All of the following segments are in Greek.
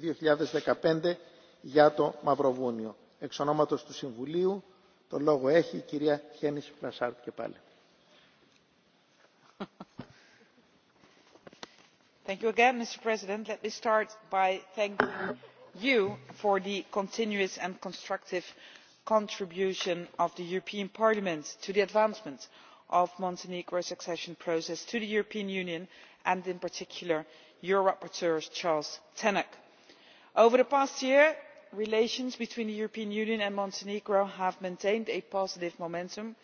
2015 για το Μαυροβούνιο. Εξ ονόματος του Συμβουλίου, το λόγο έχει η κυρία Χένης Φλασάρτ και Thank you again, Mr. President. Let me start by thanking you for the continuous and constructive contribution of the European Parliament to the advancement of Montenegro's accession process to the European Union and in particular your rapporteur Charles Tannock over the past year relations between the european union and montenegro have maintained a positive momentum.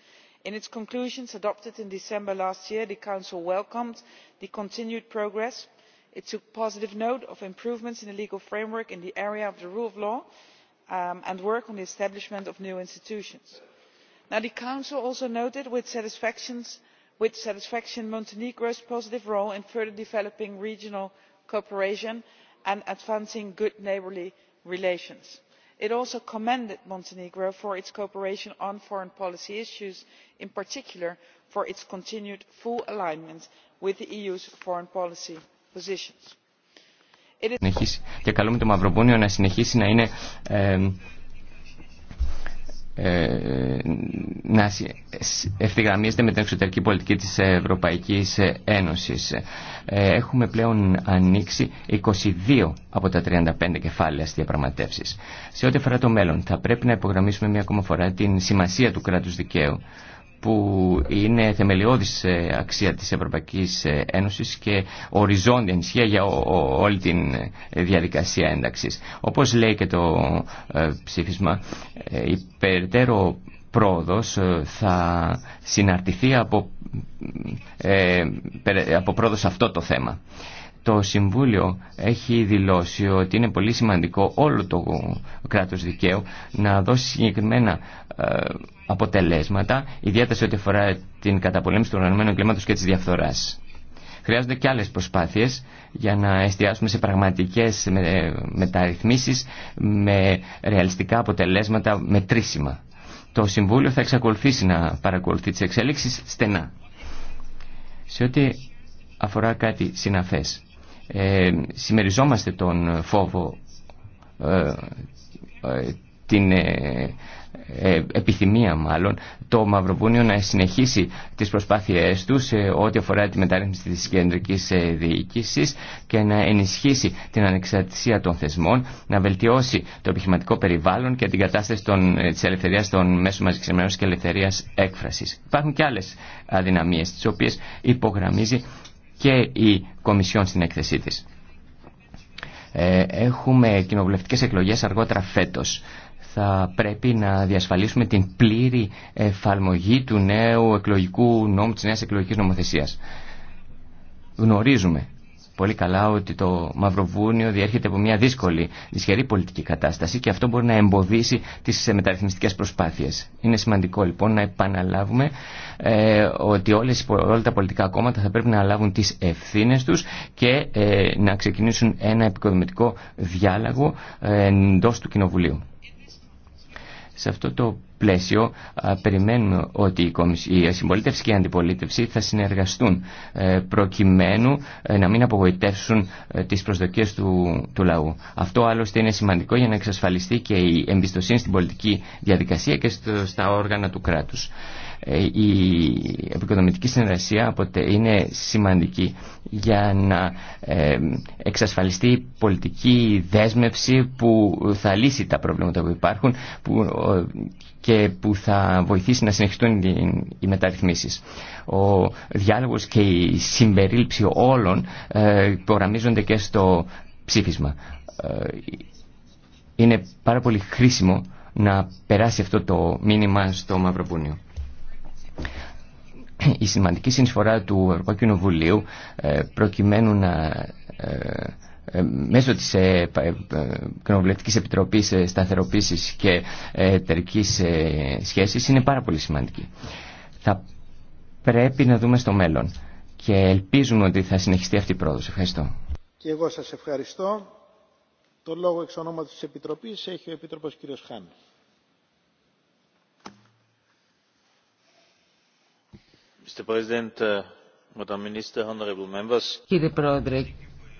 in its conclusions adopted in december last year the council welcomed the continued progress. it took positive note of improvements in the legal framework in the area of the rule of law and work on the establishment of new institutions. the council also noted with satisfaction montenegro's positive role in further developing regional cooperation and advancing good neighbourly relations. it also commended montenegro for its cooperation on foreign policy issues in particular for its continued full alignment with the eu's foreign policy positions. Ε, να ευθυγραμμίζεται με την εξωτερική πολιτική της Ευρωπαϊκής Ένωσης. Ε, έχουμε πλέον ανοίξει 22 από τα 35 κεφάλαια στις διαπραγματεύσεις. Σε ό,τι αφορά το μέλλον, θα πρέπει να υπογραμμίσουμε μια ακόμα φορά την σημασία του κράτους δικαίου που είναι θεμελιώδης ε, αξία της Ευρωπαϊκής ε, Ένωσης και οριζόντια ενισχύα για όλη την ε, διαδικασία ένταξης. Όπως λέει και το ψήφισμα, η περαιτέρω πρόοδος θα συναρτηθεί από, από πρόοδος αυτό το θέμα. Το Συμβούλιο έχει δηλώσει ότι είναι πολύ σημαντικό όλο το κράτος δικαίου να δώσει συγκεκριμένα ε, αποτελέσματα, ιδιαίτερα σε ό,τι αφορά την καταπολέμηση του οργανωμένου κλίματος και της διαφθοράς. Χρειάζονται και άλλες προσπάθειες για να εστιάσουμε σε πραγματικές ε, μεταρρυθμίσεις με ρεαλιστικά αποτελέσματα μετρήσιμα. Το Συμβούλιο θα εξακολουθήσει να παρακολουθεί τις εξέλιξεις στενά. Σε ό,τι αφορά κάτι συναφές ε, συμμεριζόμαστε τον φόβο, ε, ε, την ε, επιθυμία μάλλον, το Μαυροβούνιο να συνεχίσει τις προσπάθειές του σε ό,τι αφορά τη μεταρρύθμιση της κεντρικής διοίκησης και να ενισχύσει την ανεξαρτησία των θεσμών, να βελτιώσει το επιχειρηματικό περιβάλλον και την κατάσταση των, της ελευθερίας των μέσων μαζικής και ελευθερίας έκφρασης. Υπάρχουν και άλλες αδυναμίες, τις οποίες υπογραμμίζει και η Κομισιόν στην έκθεσή της. Ε, έχουμε κοινοβουλευτικές εκλογές αργότερα φέτος. Θα πρέπει να διασφαλίσουμε την πλήρη εφαρμογή του νέου εκλογικού νόμου της νέας εκλογικής νομοθεσίας. Γνωρίζουμε πολύ καλά ότι το Μαυροβούνιο διέρχεται από μια δύσκολη, δυσχερή πολιτική κατάσταση και αυτό μπορεί να εμποδίσει τις μεταρρυθμιστικέ προσπάθειες. Είναι σημαντικό λοιπόν να επαναλάβουμε ε, ότι όλες, όλα τα πολιτικά κόμματα θα πρέπει να λάβουν τις ευθύνε τους και ε, να ξεκινήσουν ένα επικοδομητικό διάλογο ε, εντό του Κοινοβουλίου. Σε αυτό το πλαίσιο περιμένουμε ότι η συμπολίτευση και η αντιπολίτευση θα συνεργαστούν ε, προκειμένου ε, να μην απογοητεύσουν ε, τις προσδοκίες του, του λαού. Αυτό άλλωστε είναι σημαντικό για να εξασφαλιστεί και η εμπιστοσύνη στην πολιτική διαδικασία και στο, στα όργανα του κράτους. Η επικοδομητική συνεργασία είναι σημαντική για να εξασφαλιστεί η πολιτική δέσμευση που θα λύσει τα προβλήματα που υπάρχουν που και που θα βοηθήσει να συνεχιστούν οι μεταρρυθμίσεις. Ο διάλογος και η συμπερίληψη όλων ε, υπογραμμίζονται και στο ψήφισμα. Ε, είναι πάρα πολύ χρήσιμο να περάσει αυτό το μήνυμα στο Μαυροπούνιο. Η σημαντική συνεισφορά του Ευρωπαϊκού Κοινοβουλίου ε, προκειμένου να ε, μέσω της ε, ε, ε Κοινοβουλευτικής Επιτροπής Σταθεροποίησης και Εταιρικής Σχέσης είναι πάρα πολύ σημαντική. Θα πρέπει να δούμε στο μέλλον και ελπίζουμε ότι θα συνεχιστεί αυτή η πρόοδος. Ευχαριστώ. Και εγώ σας ευχαριστώ. Το λόγο εξ ονόματος της Επιτροπής έχει ο Επίτροπος κ. Χάν. Uh, Κύριε Πρόεδρε,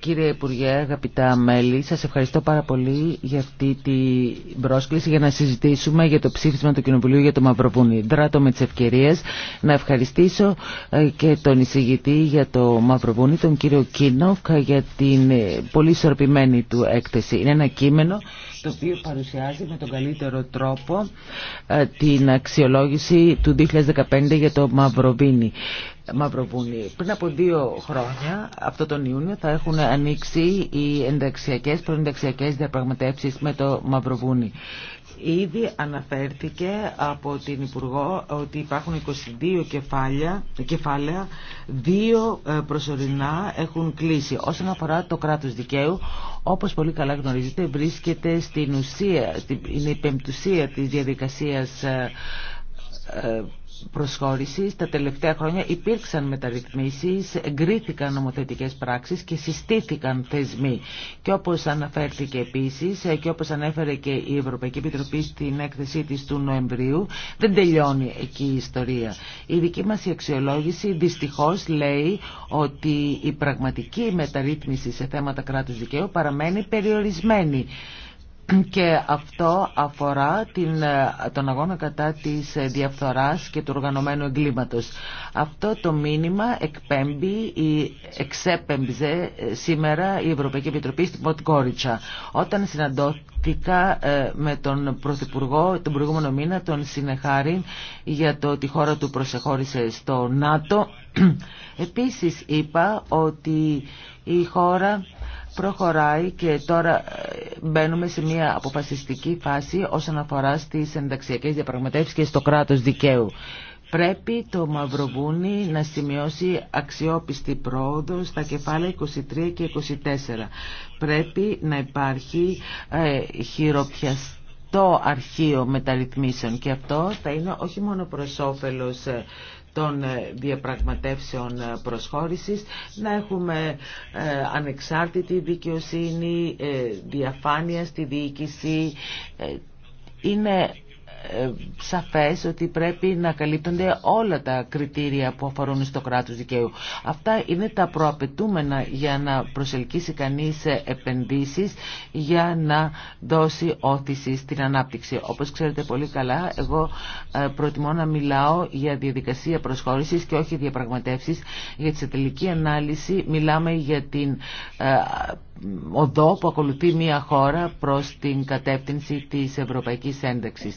Κύριε Υπουργέ, αγαπητά μέλη, σας ευχαριστώ πάρα πολύ για αυτή την πρόσκληση για να συζητήσουμε για το ψήφισμα του Κοινοβουλίου για το Μαυροβούνι. Δράτω με τις ευκαιρίες να ευχαριστήσω ε, και τον εισηγητή για το Μαυροβούνι, τον κύριο Κίνοφ, για την ε, πολύ ισορροπημένη του έκθεση. Είναι ένα κείμενο το οποίο παρουσιάζει με τον καλύτερο τρόπο ε, την αξιολόγηση του 2015 για το Μαυροβίνι. Μαυροβούνι. Πριν από δύο χρόνια, αυτό τον Ιούνιο, θα έχουν ανοίξει οι ενταξιακές, προενταξιακές διαπραγματεύσεις με το Μαυροβούνι. Ήδη αναφέρθηκε από την Υπουργό ότι υπάρχουν 22 κεφάλια, κεφάλαια δύο ε, προσωρινά έχουν κλείσει. Όσον αφορά το κράτος δικαίου, όπως πολύ καλά γνωρίζετε, βρίσκεται στην ουσία, είναι η πεμπτουσία της διαδικασίας ε, ε, προσχώρησης τα τελευταία χρόνια υπήρξαν μεταρρυθμίσεις, εγκρίθηκαν νομοθετικές πράξεις και συστήθηκαν θεσμοί. Και όπως αναφέρθηκε επίσης ε, και όπως ανέφερε και η Ευρωπαϊκή Επιτροπή στην έκθεσή της του Νοεμβρίου, δεν τελειώνει εκεί η ιστορία. Η δική μας αξιολόγηση δυστυχώς λέει ότι η πραγματική μεταρρύθμιση σε θέματα κράτους δικαίου παραμένει περιορισμένη και αυτό αφορά την, τον αγώνα κατά της διαφθοράς και του οργανωμένου εγκλήματος. Αυτό το μήνυμα εκπέμπει ή εξέπεμπιζε σήμερα η Ευρωπαϊκή Επιτροπή στην Ποτκόριτσα. Όταν συναντώθηκα ε, με τον Πρωθυπουργό τον προηγούμενο μήνα, τον Συνεχάρη, για το ότι η χώρα του προσεχώρησε στο ΝΑΤΟ, επίσης είπα ότι η χώρα προχωράει και τώρα μπαίνουμε σε μια αποφασιστική φάση όσον αφορά στις ενταξιακέ διαπραγματεύσει και στο κράτο δικαίου. Πρέπει το Μαυροβούνι να σημειώσει αξιόπιστη πρόοδο στα κεφάλαια 23 και 24. Πρέπει να υπάρχει ε, χειροπιαστή το αρχείο μεταρρυθμίσεων και αυτό θα είναι όχι μόνο προς όφελος ε, των ε, διαπραγματεύσεων ε, προσχώρησης, να έχουμε ανεξάρτητη δικαιοσύνη, διαφάνεια στη διοίκηση. Είναι ε, σαφές ότι πρέπει να καλύπτονται όλα τα κριτήρια που αφορούν στο κράτος δικαίου. Αυτά είναι τα προαπαιτούμενα για να προσελκύσει κανείς επενδύσεις για να δώσει όθηση στην ανάπτυξη. Όπως ξέρετε πολύ καλά, εγώ ε, προτιμώ να μιλάω για διαδικασία προσχώρησης και όχι διαπραγματεύσεις. Για τη τελική ανάλυση μιλάμε για την ε, οδό που ακολουθεί μια χώρα προς την κατεύθυνση της ευρωπαϊκής ένταξης.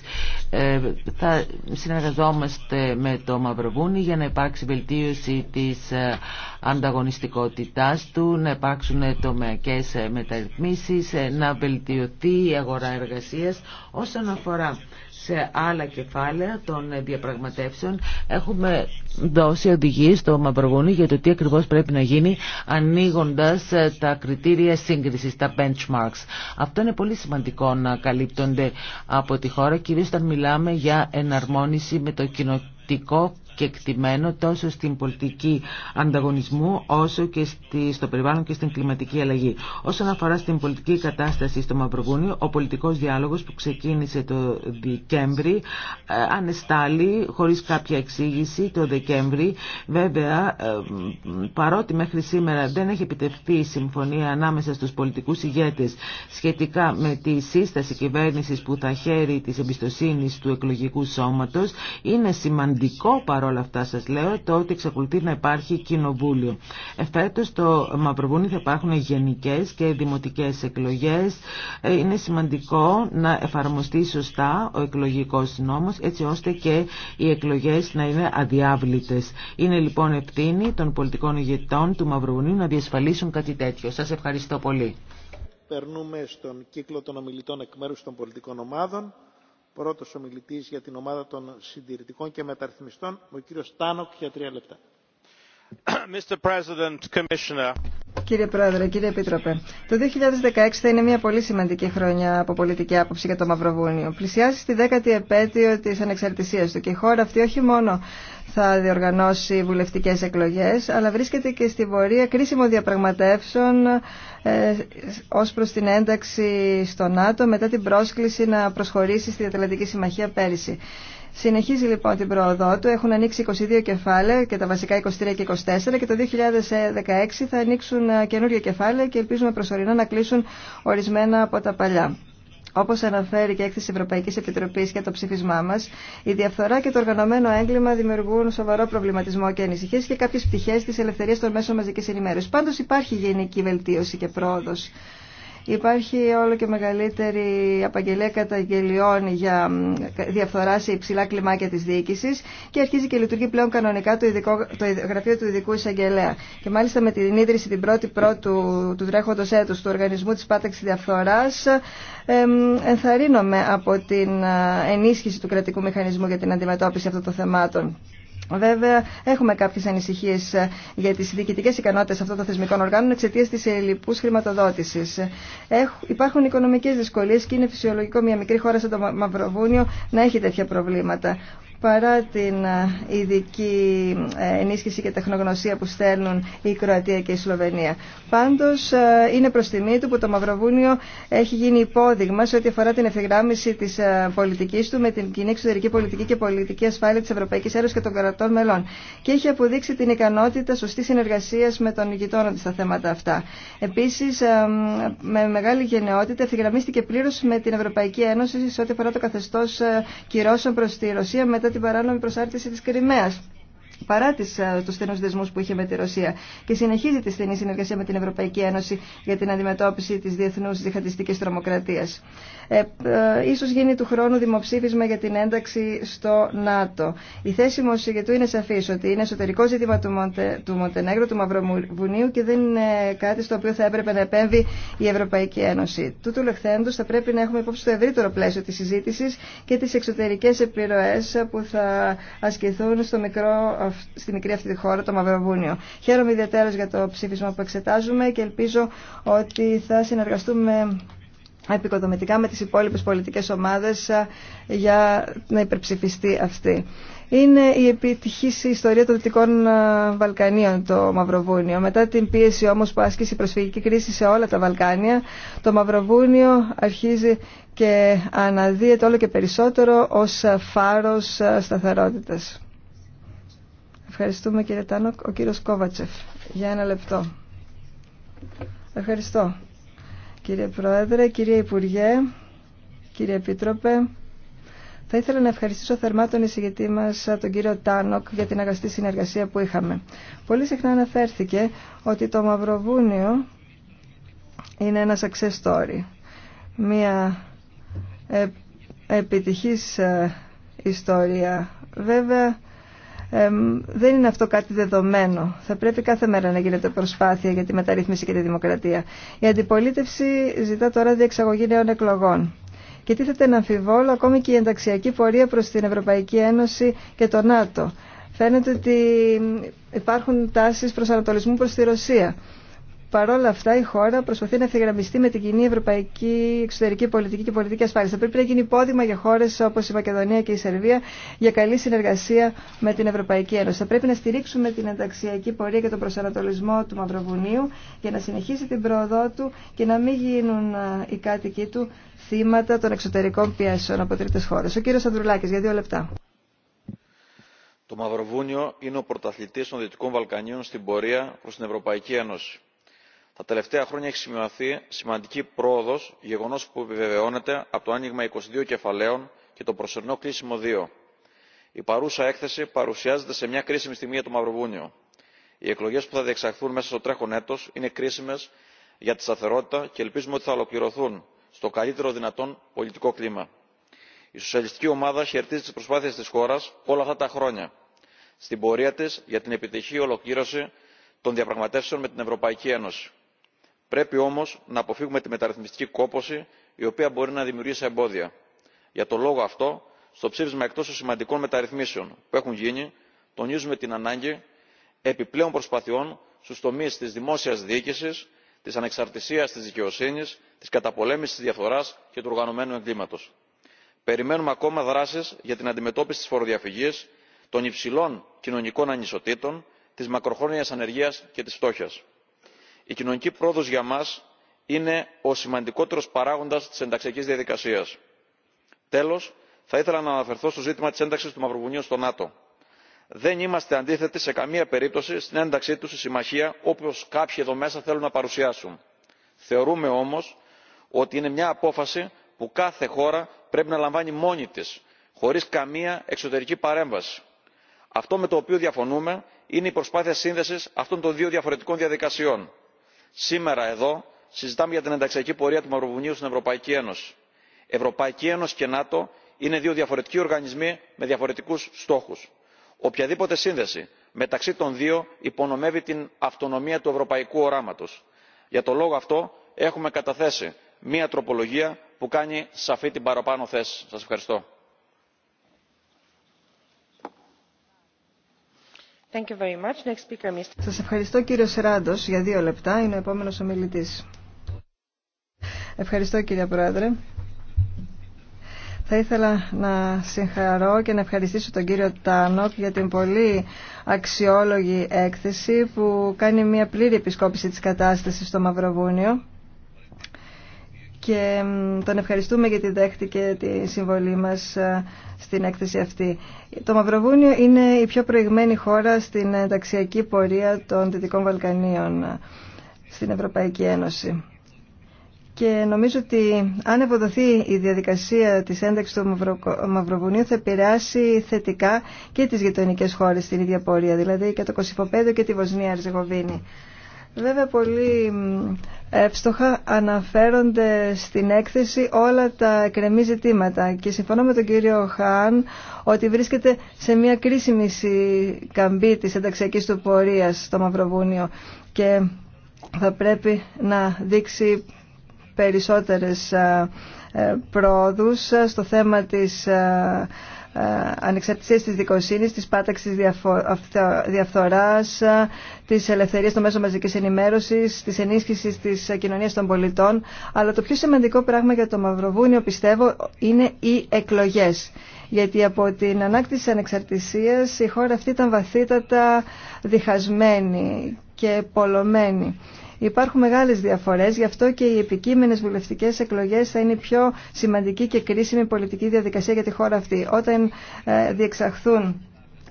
Ε, θα συνεργαζόμαστε με το Μαυροβούνι για να υπάρξει βελτίωση της ε, ανταγωνιστικότητάς του, να υπάρξουν τομεακές ε, μεταρρυθμίσεις, να βελτιωθεί η αγορά εργασίας όσον αφορά σε άλλα κεφάλαια των διαπραγματεύσεων έχουμε δώσει οδηγίες στο Μαυρογούνι για το τι ακριβώς πρέπει να γίνει ανοίγοντας ε, τα κριτήρια σύγκρισης, τα benchmarks. Αυτό είναι πολύ σημαντικό να καλύπτονται από τη χώρα, κυρίως όταν μιλάμε για εναρμόνιση με το κοινοτικό κεκτημένο τόσο στην πολιτική ανταγωνισμού όσο και στο περιβάλλον και στην κλιματική αλλαγή. Όσον αφορά στην πολιτική κατάσταση στο Μαυροβούνιο, ο πολιτικός διάλογος που ξεκίνησε το Δεκέμβρη ε, ανεστάλλει χωρίς κάποια εξήγηση το Δεκέμβρη. Βέβαια, ε, παρότι μέχρι σήμερα δεν έχει επιτευχθεί η συμφωνία ανάμεσα στους πολιτικούς ηγέτες σχετικά με τη σύσταση κυβέρνησης που θα χαίρει της εμπιστοσύνης του εκλογικού σώματος, είναι σημαντικό όλα αυτά σας λέω το ότι εξακολουθεί να υπάρχει κοινοβούλιο. Εφέτος στο Μαυροβούνι θα υπάρχουν γενικές και δημοτικές εκλογές. Ε, είναι σημαντικό να εφαρμοστεί σωστά ο εκλογικός νόμος έτσι ώστε και οι εκλογές να είναι αδιάβλητες. Είναι λοιπόν ευθύνη των πολιτικών ηγετών του Μαυροβουνίου να διασφαλίσουν κάτι τέτοιο. Σας ευχαριστώ πολύ. Περνούμε στον κύκλο των ομιλητών εκ μέρους των πολιτικών ομάδων πρώτος ομιλητής για την ομάδα των συντηρητικών και μεταρρυθμιστών, ο κύριος Τάνοκ για τρία λεπτά. Κύριε Πρόεδρε, κύριε Επίτροπε, το 2016 θα είναι μια πολύ σημαντική χρονιά από πολιτική άποψη για το Μαυροβούνιο. Πλησιάζει στη δέκατη επέτειο τη ανεξαρτησία του και η χώρα αυτή όχι μόνο θα διοργανώσει βουλευτικέ εκλογέ, αλλά βρίσκεται και στη βορεία κρίσιμων διαπραγματεύσεων ε, ω προ την ένταξη στο ΝΑΤΟ μετά την πρόσκληση να προσχωρήσει στη Διατελετική Συμμαχία πέρυσι. Συνεχίζει λοιπόν την πρόοδό του. Έχουν ανοίξει 22 κεφάλαια και τα βασικά 23 και 24 και το 2016 θα ανοίξουν ε, καινούργια κεφάλαια και ελπίζουμε προσωρινά να κλείσουν ορισμένα από τα παλιά. Όπω αναφέρει και η έκθεση Ευρωπαϊκή Επιτροπή για το ψήφισμά μα, η διαφθορά και το οργανωμένο έγκλημα δημιουργούν σοβαρό προβληματισμό και ανησυχίε και κάποιε πτυχέ τη ελευθερία των μέσων μαζική ενημέρωση. Πάντω υπάρχει γενική βελτίωση και πρόοδο. Υπάρχει όλο και μεγαλύτερη απαγγελία καταγγελιών για διαφθορά σε υψηλά κλιμάκια της διοίκηση και αρχίζει και λειτουργεί πλέον κανονικά το, ειδικό, το γραφείο του ειδικού εισαγγελέα. Και μάλιστα με την ίδρυση την πρώτη πρώτου του τρέχοντο έτου, του Οργανισμού της Πάταξης Διαφθοράς ενθαρρύνομαι από την ε, ενίσχυση του κρατικού μηχανισμού για την αντιμετώπιση αυτών των θεμάτων. Βέβαια, έχουμε κάποιε ανησυχίε ε, για τι διοικητικέ ικανότητε αυτών των θεσμικών οργάνων εξαιτία τη ελληπού χρηματοδότηση. Υπάρχουν οικονομικέ δυσκολίε και είναι φυσιολογικό μια μικρή χώρα σαν το Μαυροβούνιο να έχει τέτοια προβλήματα παρά την ε, ειδική ε, ενίσχυση και τεχνογνωσία που στέλνουν η Κροατία και η Σλοβενία. Πάντως ε, είναι προς τιμή του που το Μαυροβούνιο έχει γίνει υπόδειγμα σε ό,τι αφορά την ευθυγράμμιση της πολιτικής του με την κοινή εξωτερική πολιτική και πολιτική ασφάλεια της Ευρωπαϊκής Ένωση και των κρατών μελών και έχει αποδείξει την ικανότητα σωστή συνεργασίας με τον γειτόνα τη στα θέματα αυτά. Επίσης, με μεγάλη γενναιότητα ευθυγραμμίστηκε πλήρως με την Ευρωπαϊκή Ένωση σε ό,τι αφορά το κυρώσεων προς τη Ρωσία μετά την παράνομη προσάρτηση της Κρυμαίας παρά τις, ε, τους στενούς δεσμούς που είχε με τη Ρωσία και συνεχίζει τη στενή συνεργασία με την Ευρωπαϊκή Ένωση για την αντιμετώπιση της διεθνούς διχατιστικής τρομοκρατίας. Ε, ε, ίσως γίνει του χρόνου δημοψήφισμα για την ένταξη στο ΝΑΤΟ. Η θέση μου του είναι σαφής ότι είναι εσωτερικό ζήτημα του, Μοντε, του Μοντενέγρου, του Μαυροβουνίου και δεν είναι κάτι στο οποίο θα έπρεπε να επέμβει η Ευρωπαϊκή Ένωση. Τούτου λεχθέντος θα πρέπει να έχουμε υπόψη το ευρύτερο πλαίσιο της συζήτησης και τις εξωτερικές επιρροές που θα ασκηθούν στο μικρό, στη μικρή αυτή τη χώρα, το Μαυροβούνιο. Χαίρομαι ιδιαίτερα για το ψήφισμα που εξετάζουμε και ελπίζω ότι θα συνεργαστούμε επικοδομητικά με τις υπόλοιπες πολιτικές ομάδες για να υπερψηφιστεί αυτή. Είναι η επιτυχής ιστορία των Δυτικών Βαλκανίων το Μαυροβούνιο. Μετά την πίεση όμως που άσκησε η προσφυγική κρίση σε όλα τα Βαλκάνια, το Μαυροβούνιο αρχίζει και αναδύεται όλο και περισσότερο ως φάρος σταθερότητας. Ευχαριστούμε κύριε Τάνοκ. Ο κύριος Κόβατσεφ. Για ένα λεπτό. Ευχαριστώ. Κύριε Πρόεδρε, κύριε Υπουργέ, κύριε Επίτροπε, θα ήθελα να ευχαριστήσω θερμά τον εισηγητή μα, τον κύριο Τάνοκ, για την αγαστή συνεργασία που είχαμε. Πολύ συχνά αναφέρθηκε ότι το Μαυροβούνιο είναι ένα success story. Μία ε, επιτυχής ε, ιστορία. Βέβαια, δεν είναι αυτό κάτι δεδομένο. Θα πρέπει κάθε μέρα να γίνεται προσπάθεια για τη μεταρρύθμιση και τη δημοκρατία. Η αντιπολίτευση ζητά τώρα διεξαγωγή νέων εκλογών. Και τίθεται να αμφιβόλω ακόμη και η ενταξιακή πορεία προς την Ευρωπαϊκή Ένωση και το ΝΑΤΟ. Φαίνεται ότι υπάρχουν τάσεις προς ανατολισμού προς τη Ρωσία. Παρ' όλα αυτά, η χώρα προσπαθεί να ευθυγραμμιστεί με την κοινή ευρωπαϊκή εξωτερική πολιτική και πολιτική ασφάλεια. Θα πρέπει να γίνει υπόδειγμα για χώρε όπω η Μακεδονία και η Σερβία για καλή συνεργασία με την Ευρωπαϊκή Ένωση. Θα πρέπει να στηρίξουμε την ενταξιακή πορεία και τον προσανατολισμό του Μαυροβουνίου για να συνεχίσει την πρόοδό του και να μην γίνουν οι κάτοικοι του θύματα των εξωτερικών πιέσεων από τρίτε χώρε. Ο κύριο Ανδρουλάκη, για δύο λεπτά. Το Μαυροβούνιο είναι ο Πρωταθλητή των Δυτικών Βαλκανίων στην πορεία προ την Ευρωπαϊκή Ένωση τα τελευταία χρόνια έχει σημειωθεί σημαντική πρόοδο γεγονό που επιβεβαιώνεται από το άνοιγμα 22 κεφαλαίων και το προσωρινό κλείσιμο 2. Η παρούσα έκθεση παρουσιάζεται σε μια κρίσιμη στιγμή για το Μαυροβούνιο. Οι εκλογέ που θα διεξαχθούν μέσα στο τρέχον έτο είναι κρίσιμε για τη σταθερότητα και ελπίζουμε ότι θα ολοκληρωθούν στο καλύτερο δυνατόν πολιτικό κλίμα. Η σοσιαλιστική ομάδα χαιρετίζει τι προσπάθειε τη χώρα όλα αυτά τα χρόνια στην πορεία τη για την επιτυχή ολοκλήρωση των διαπραγματεύσεων με την Ευρωπαϊκή Ένωση πρέπει όμω να αποφύγουμε τη μεταρρυθμιστική κόπωση η οποία μπορεί να δημιουργήσει εμπόδια. για τον λόγο αυτό στο ψήφισμα εκτό των σημαντικών μεταρρυθμίσεων που έχουν γίνει τονίζουμε την ανάγκη επιπλέον προσπαθειών στου τομεί τη δημόσια διοίκηση τη ανεξαρτησία τη δικαιοσύνη τη καταπολέμηση τη διαφθορά και του οργανωμένου εγκλήματο. περιμένουμε ακόμα δράσει για την αντιμετώπιση τη φοροδιαφυγή των υψηλών κοινωνικών ανισοτήτων τη μακροχρόνια ανεργία και τη φτώχεια η κοινωνική πρόοδος για μας είναι ο σημαντικότερος παράγοντας της ενταξιακής διαδικασίας. τέλος θα ήθελα να αναφερθώ στο ζήτημα της ένταξης του μαυροβουνίου στο νάτο. δεν είμαστε αντίθετοι σε καμία περίπτωση στην ένταξή του στη συμμαχία όπως κάποιοι εδώ μέσα θέλουν να παρουσιάσουν. θεωρούμε όμως ότι είναι μια απόφαση που κάθε χώρα πρέπει να λαμβάνει μόνη της χωρίς καμία εξωτερική παρέμβαση. αυτό με το οποίο διαφωνούμε είναι η προσπάθεια σύνδεσης αυτών των δύο διαφορετικών διαδικασιών σήμερα εδώ συζητάμε για την ενταξιακή πορεία του μαυροβουνίου στην ευρωπαϊκή ένωση. ευρωπαϊκή ένωση και νατο είναι δύο διαφορετικοί οργανισμοί με διαφορετικούς στόχους. οποιαδήποτε σύνδεση μεταξύ των δύο υπονομεύει την αυτονομία του ευρωπαϊκού οράματος. για τον λόγο αυτό έχουμε καταθέσει μια τροπολογία που κάνει σαφή την παραπάνω θέση. Σα ευχαριστώ. Thank Σας ευχαριστώ κύριο Σεράντος για δύο λεπτά. Είναι ο επόμενος ομιλητής. Ευχαριστώ κύριε Πρόεδρε. Θα ήθελα να συγχαρώ και να ευχαριστήσω τον κύριο Τάνοκ για την πολύ αξιόλογη έκθεση που κάνει μια πλήρη επισκόπηση της κατάστασης στο Μαυροβούνιο και τον ευχαριστούμε γιατί δέχτηκε τη συμβολή μας ε, στην έκθεση αυτή. Το Μαυροβούνιο είναι η πιο προηγμένη χώρα στην ενταξιακή πορεία των Δυτικών Βαλκανίων ε, στην Ευρωπαϊκή Ένωση. Και νομίζω ότι αν ευοδοθεί η διαδικασία της ένταξης του Μαυροβουνίου θα επηρεάσει θετικά και τις γειτονικές χώρες στην ίδια πορεία, δηλαδή και το Κωσυφοπέδιο και τη Βοσνία Αρζεγοβίνη. Βέβαια πολύ εύστοχα αναφέρονται στην έκθεση όλα τα εκρεμή ζητήματα και συμφωνώ με τον κύριο Χάν ότι βρίσκεται σε μια κρίσιμη καμπή της ενταξιακής του πορείας στο Μαυροβούνιο και θα πρέπει να δείξει περισσότερες ε, ε, πρόοδους ε, στο θέμα της ε, ανεξαρτησίας της δικοσύνης, της πάταξης διαφθοράς, ε, της ελευθερίας των μέσων μαζικής ενημέρωσης, της ενίσχυσης της κοινωνίας των πολιτών. Αλλά το πιο σημαντικό πράγμα για το Μαυροβούνιο, πιστεύω, είναι οι εκλογές. Γιατί από την ανάκτηση της ανεξαρτησίας η χώρα αυτή ήταν βαθύτατα διχασμένη και πολλωμένη. Υπάρχουν μεγάλες διαφορές, γι' αυτό και οι επικείμενες βουλευτικές εκλογές θα είναι η πιο σημαντική και κρίσιμη πολιτική διαδικασία για τη χώρα αυτή. Όταν ε, διεξαχθούν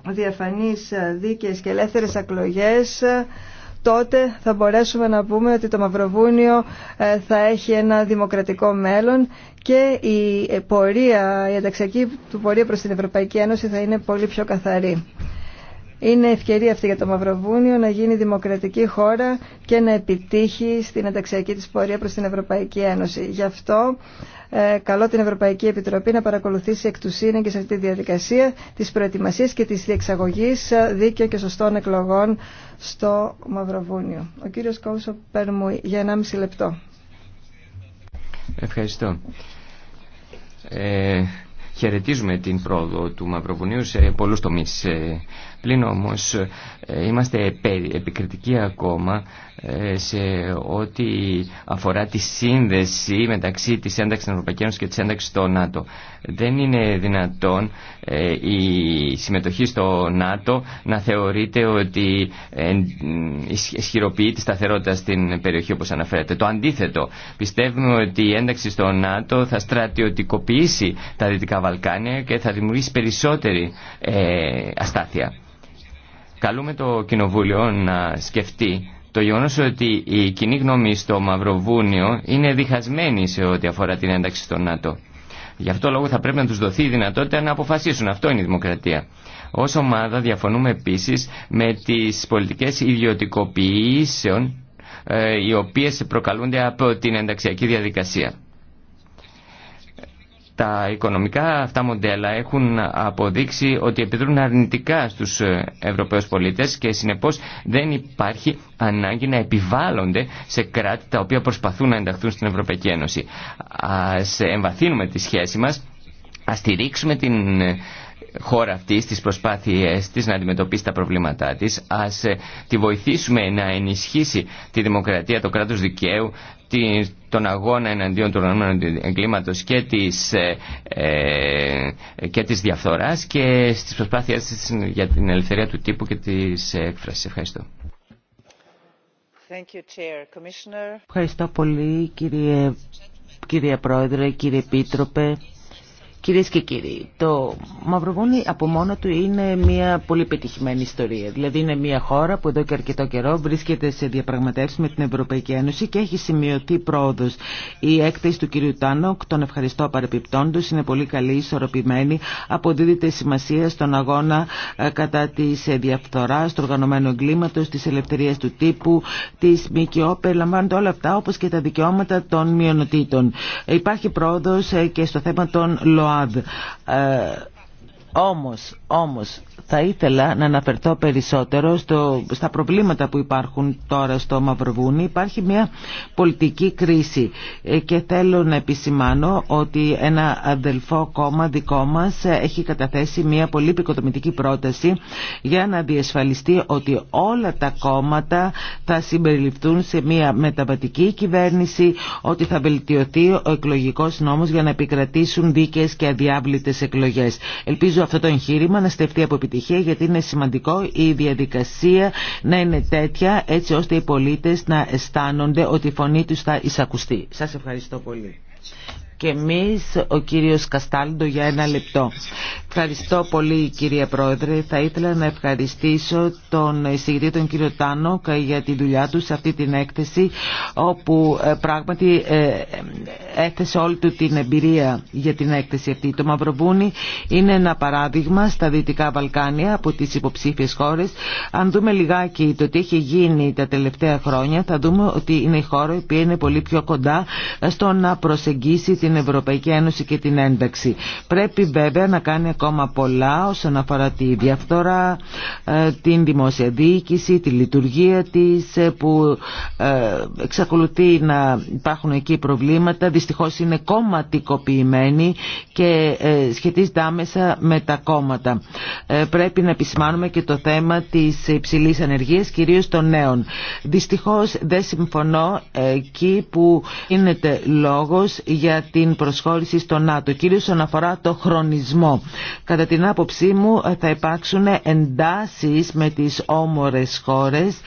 διαφανείς ε, δίκαιες και ελεύθερες εκλογές, ε, τότε θα μπορέσουμε να πούμε ότι το Μαυροβούνιο θα έχει ένα δημοκρατικό μέλλον και η πορεία, η ενταξιακή του πορεία προς την Ευρωπαϊκή Ένωση θα είναι πολύ πιο καθαρή. Είναι ευκαιρία αυτή για το Μαυροβούνιο να γίνει δημοκρατική χώρα και να επιτύχει στην ενταξιακή της πορεία προς την Ευρωπαϊκή Ένωση. Γι' αυτό ε, καλώ την Ευρωπαϊκή Επιτροπή να παρακολουθήσει εκ του σύνεγγυ και σε αυτή τη διαδικασία της προετοιμασίας και της διεξαγωγής ε, δίκαιων και σωστών εκλογών στο Μαυροβούνιο. Ο κύριος Κόουσο Περμουή για 1,5 λεπτό. Ευχαριστώ. Ε, χαιρετίζουμε την πρόοδο του Μαυροβουνίου σε πολλούς τομείς. Πλην όμως ε, είμαστε επικριτικοί ακόμα ε, σε ό,τι αφορά τη σύνδεση μεταξύ της ένταξης των Ευρωπαϊκών και της ένταξης στο ΝΑΤΟ. Δεν είναι δυνατόν ε, η συμμετοχή στο ΝΑΤΟ να θεωρείται ότι ισχυροποιεί τη σταθερότητα στην περιοχή όπως αναφέρεται. Το αντίθετο. Πιστεύουμε ότι η ένταξη στο ΝΑΤΟ θα στρατιωτικοποιήσει τα Δυτικά Βαλκάνια και θα δημιουργήσει περισσότερη αστάθεια. Καλούμε το Κοινοβούλιο να σκεφτεί το γεγονό ότι η κοινή γνώμη στο Μαυροβούνιο είναι διχασμένη σε ό,τι αφορά την ένταξη στο ΝΑΤΟ. Γι' αυτό λόγο θα πρέπει να του δοθεί η δυνατότητα να αποφασίσουν. Αυτό είναι η δημοκρατία. Ω ομάδα διαφωνούμε επίση με τι πολιτικέ ιδιωτικοποιήσεων ε, οι οποίε προκαλούνται από την ενταξιακή διαδικασία. Τα οικονομικά αυτά μοντέλα έχουν αποδείξει ότι επιδρούν αρνητικά στους Ευρωπαίους πολίτες και συνεπώς δεν υπάρχει ανάγκη να επιβάλλονται σε κράτη τα οποία προσπαθούν να ενταχθούν στην Ευρωπαϊκή Ένωση. Ας εμβαθύνουμε τη σχέση μας, ας στηρίξουμε την χώρα αυτή στι προσπάθειές της να αντιμετωπίσει τα προβλήματά της. Ας ε, τη βοηθήσουμε να ενισχύσει τη δημοκρατία, το κράτος δικαίου, τον αγώνα εναντίον του οργανωμένου εγκλήματο και της, ε, ε, και της διαφθοράς και στις προσπάθειές για την ελευθερία του τύπου και της έκφρασης. Ευχαριστώ. Ευχαριστώ πολύ κύριε, κύριε Πρόεδρε, κύριε Επίτροπε. Κυρίε και κύριοι, το Μαυροβούνι από μόνο του είναι μια πολύ πετυχημένη ιστορία. Δηλαδή είναι μια χώρα που εδώ και αρκετό καιρό βρίσκεται σε διαπραγματεύσει με την Ευρωπαϊκή Ένωση και έχει σημειωθεί πρόοδο. Η έκθεση του κυρίου Τάνοκ, τον ευχαριστώ παρεπιπτόντω, είναι πολύ καλή, ισορροπημένη, αποδίδεται σημασία στον αγώνα ε, κατά τη ε, διαφθορά, του οργανωμένου εγκλήματο, τη ελευθερία του τύπου, τη ΜΚΟ. Περιλαμβάνονται όλα αυτά όπω και τα δικαιώματα των μειονοτήτων. Ε, υπάρχει πρόοδο και στο θέμα των ΛΟΑ ΛΟΑΔ. Ε, όμως, όμως θα ήθελα να αναφερθώ περισσότερο στο, στα προβλήματα που υπάρχουν τώρα στο Μαυροβούνι. Υπάρχει μια πολιτική κρίση ε, και θέλω να επισημάνω ότι ένα αδελφό κόμμα δικό μας έχει καταθέσει μια πολύ επικοδομητική πρόταση για να διασφαλιστεί ότι όλα τα κόμματα θα συμπεριληφθούν σε μια μεταβατική κυβέρνηση, ότι θα βελτιωθεί ο εκλογικός νόμος για να επικρατήσουν δίκαιες και αδιάβλητες εκλογές. Ελπίζω αυτό το εγχείρημα να στεφτεί από επιτυχία γιατί είναι σημαντικό η διαδικασία να είναι τέτοια έτσι ώστε οι πολίτες να αισθάνονται ότι η φωνή τους θα εισακουστεί. Σας ευχαριστώ πολύ και εμεί, ο κύριος Καστάλντο για ένα λεπτό. Ευχαριστώ πολύ κυρία Πρόεδρε. Θα ήθελα να ευχαριστήσω τον εισηγητή τον κύριο Τάνο για τη δουλειά του σε αυτή την έκθεση όπου ε, πράγματι ε, έθεσε όλη του την εμπειρία για την έκθεση αυτή. Το Μαυροβούνι είναι ένα παράδειγμα στα Δυτικά Βαλκάνια από τις υποψήφιες χώρες. Αν δούμε λιγάκι το τι έχει γίνει τα τελευταία χρόνια θα δούμε ότι είναι η χώρα η οποία είναι πολύ πιο κοντά στο να προσεγγίσει την την Ευρωπαϊκή Ένωση και την ένταξη. Πρέπει βέβαια να κάνει ακόμα πολλά όσον αφορά τη διαφθορά, ε, την δημόσια διοίκηση, τη λειτουργία της ε, που ε, εξακολουθεί να υπάρχουν εκεί προβλήματα. Δυστυχώς είναι κομματικοποιημένη και σχετίζεται άμεσα με τα κόμματα. Πρέπει να επισημάνουμε και το θέμα της υψηλής ανεργίας, κυρίως των νέων. Δυστυχώς δεν συμφωνώ εκεί που γίνεται λόγος για την προσχώρηση στο ΝΑΤΟ, κυρίως όσον αφορά το χρονισμό. Κατά την άποψή μου ε, θα υπάρξουν εντάσεις με τις όμορες χώρες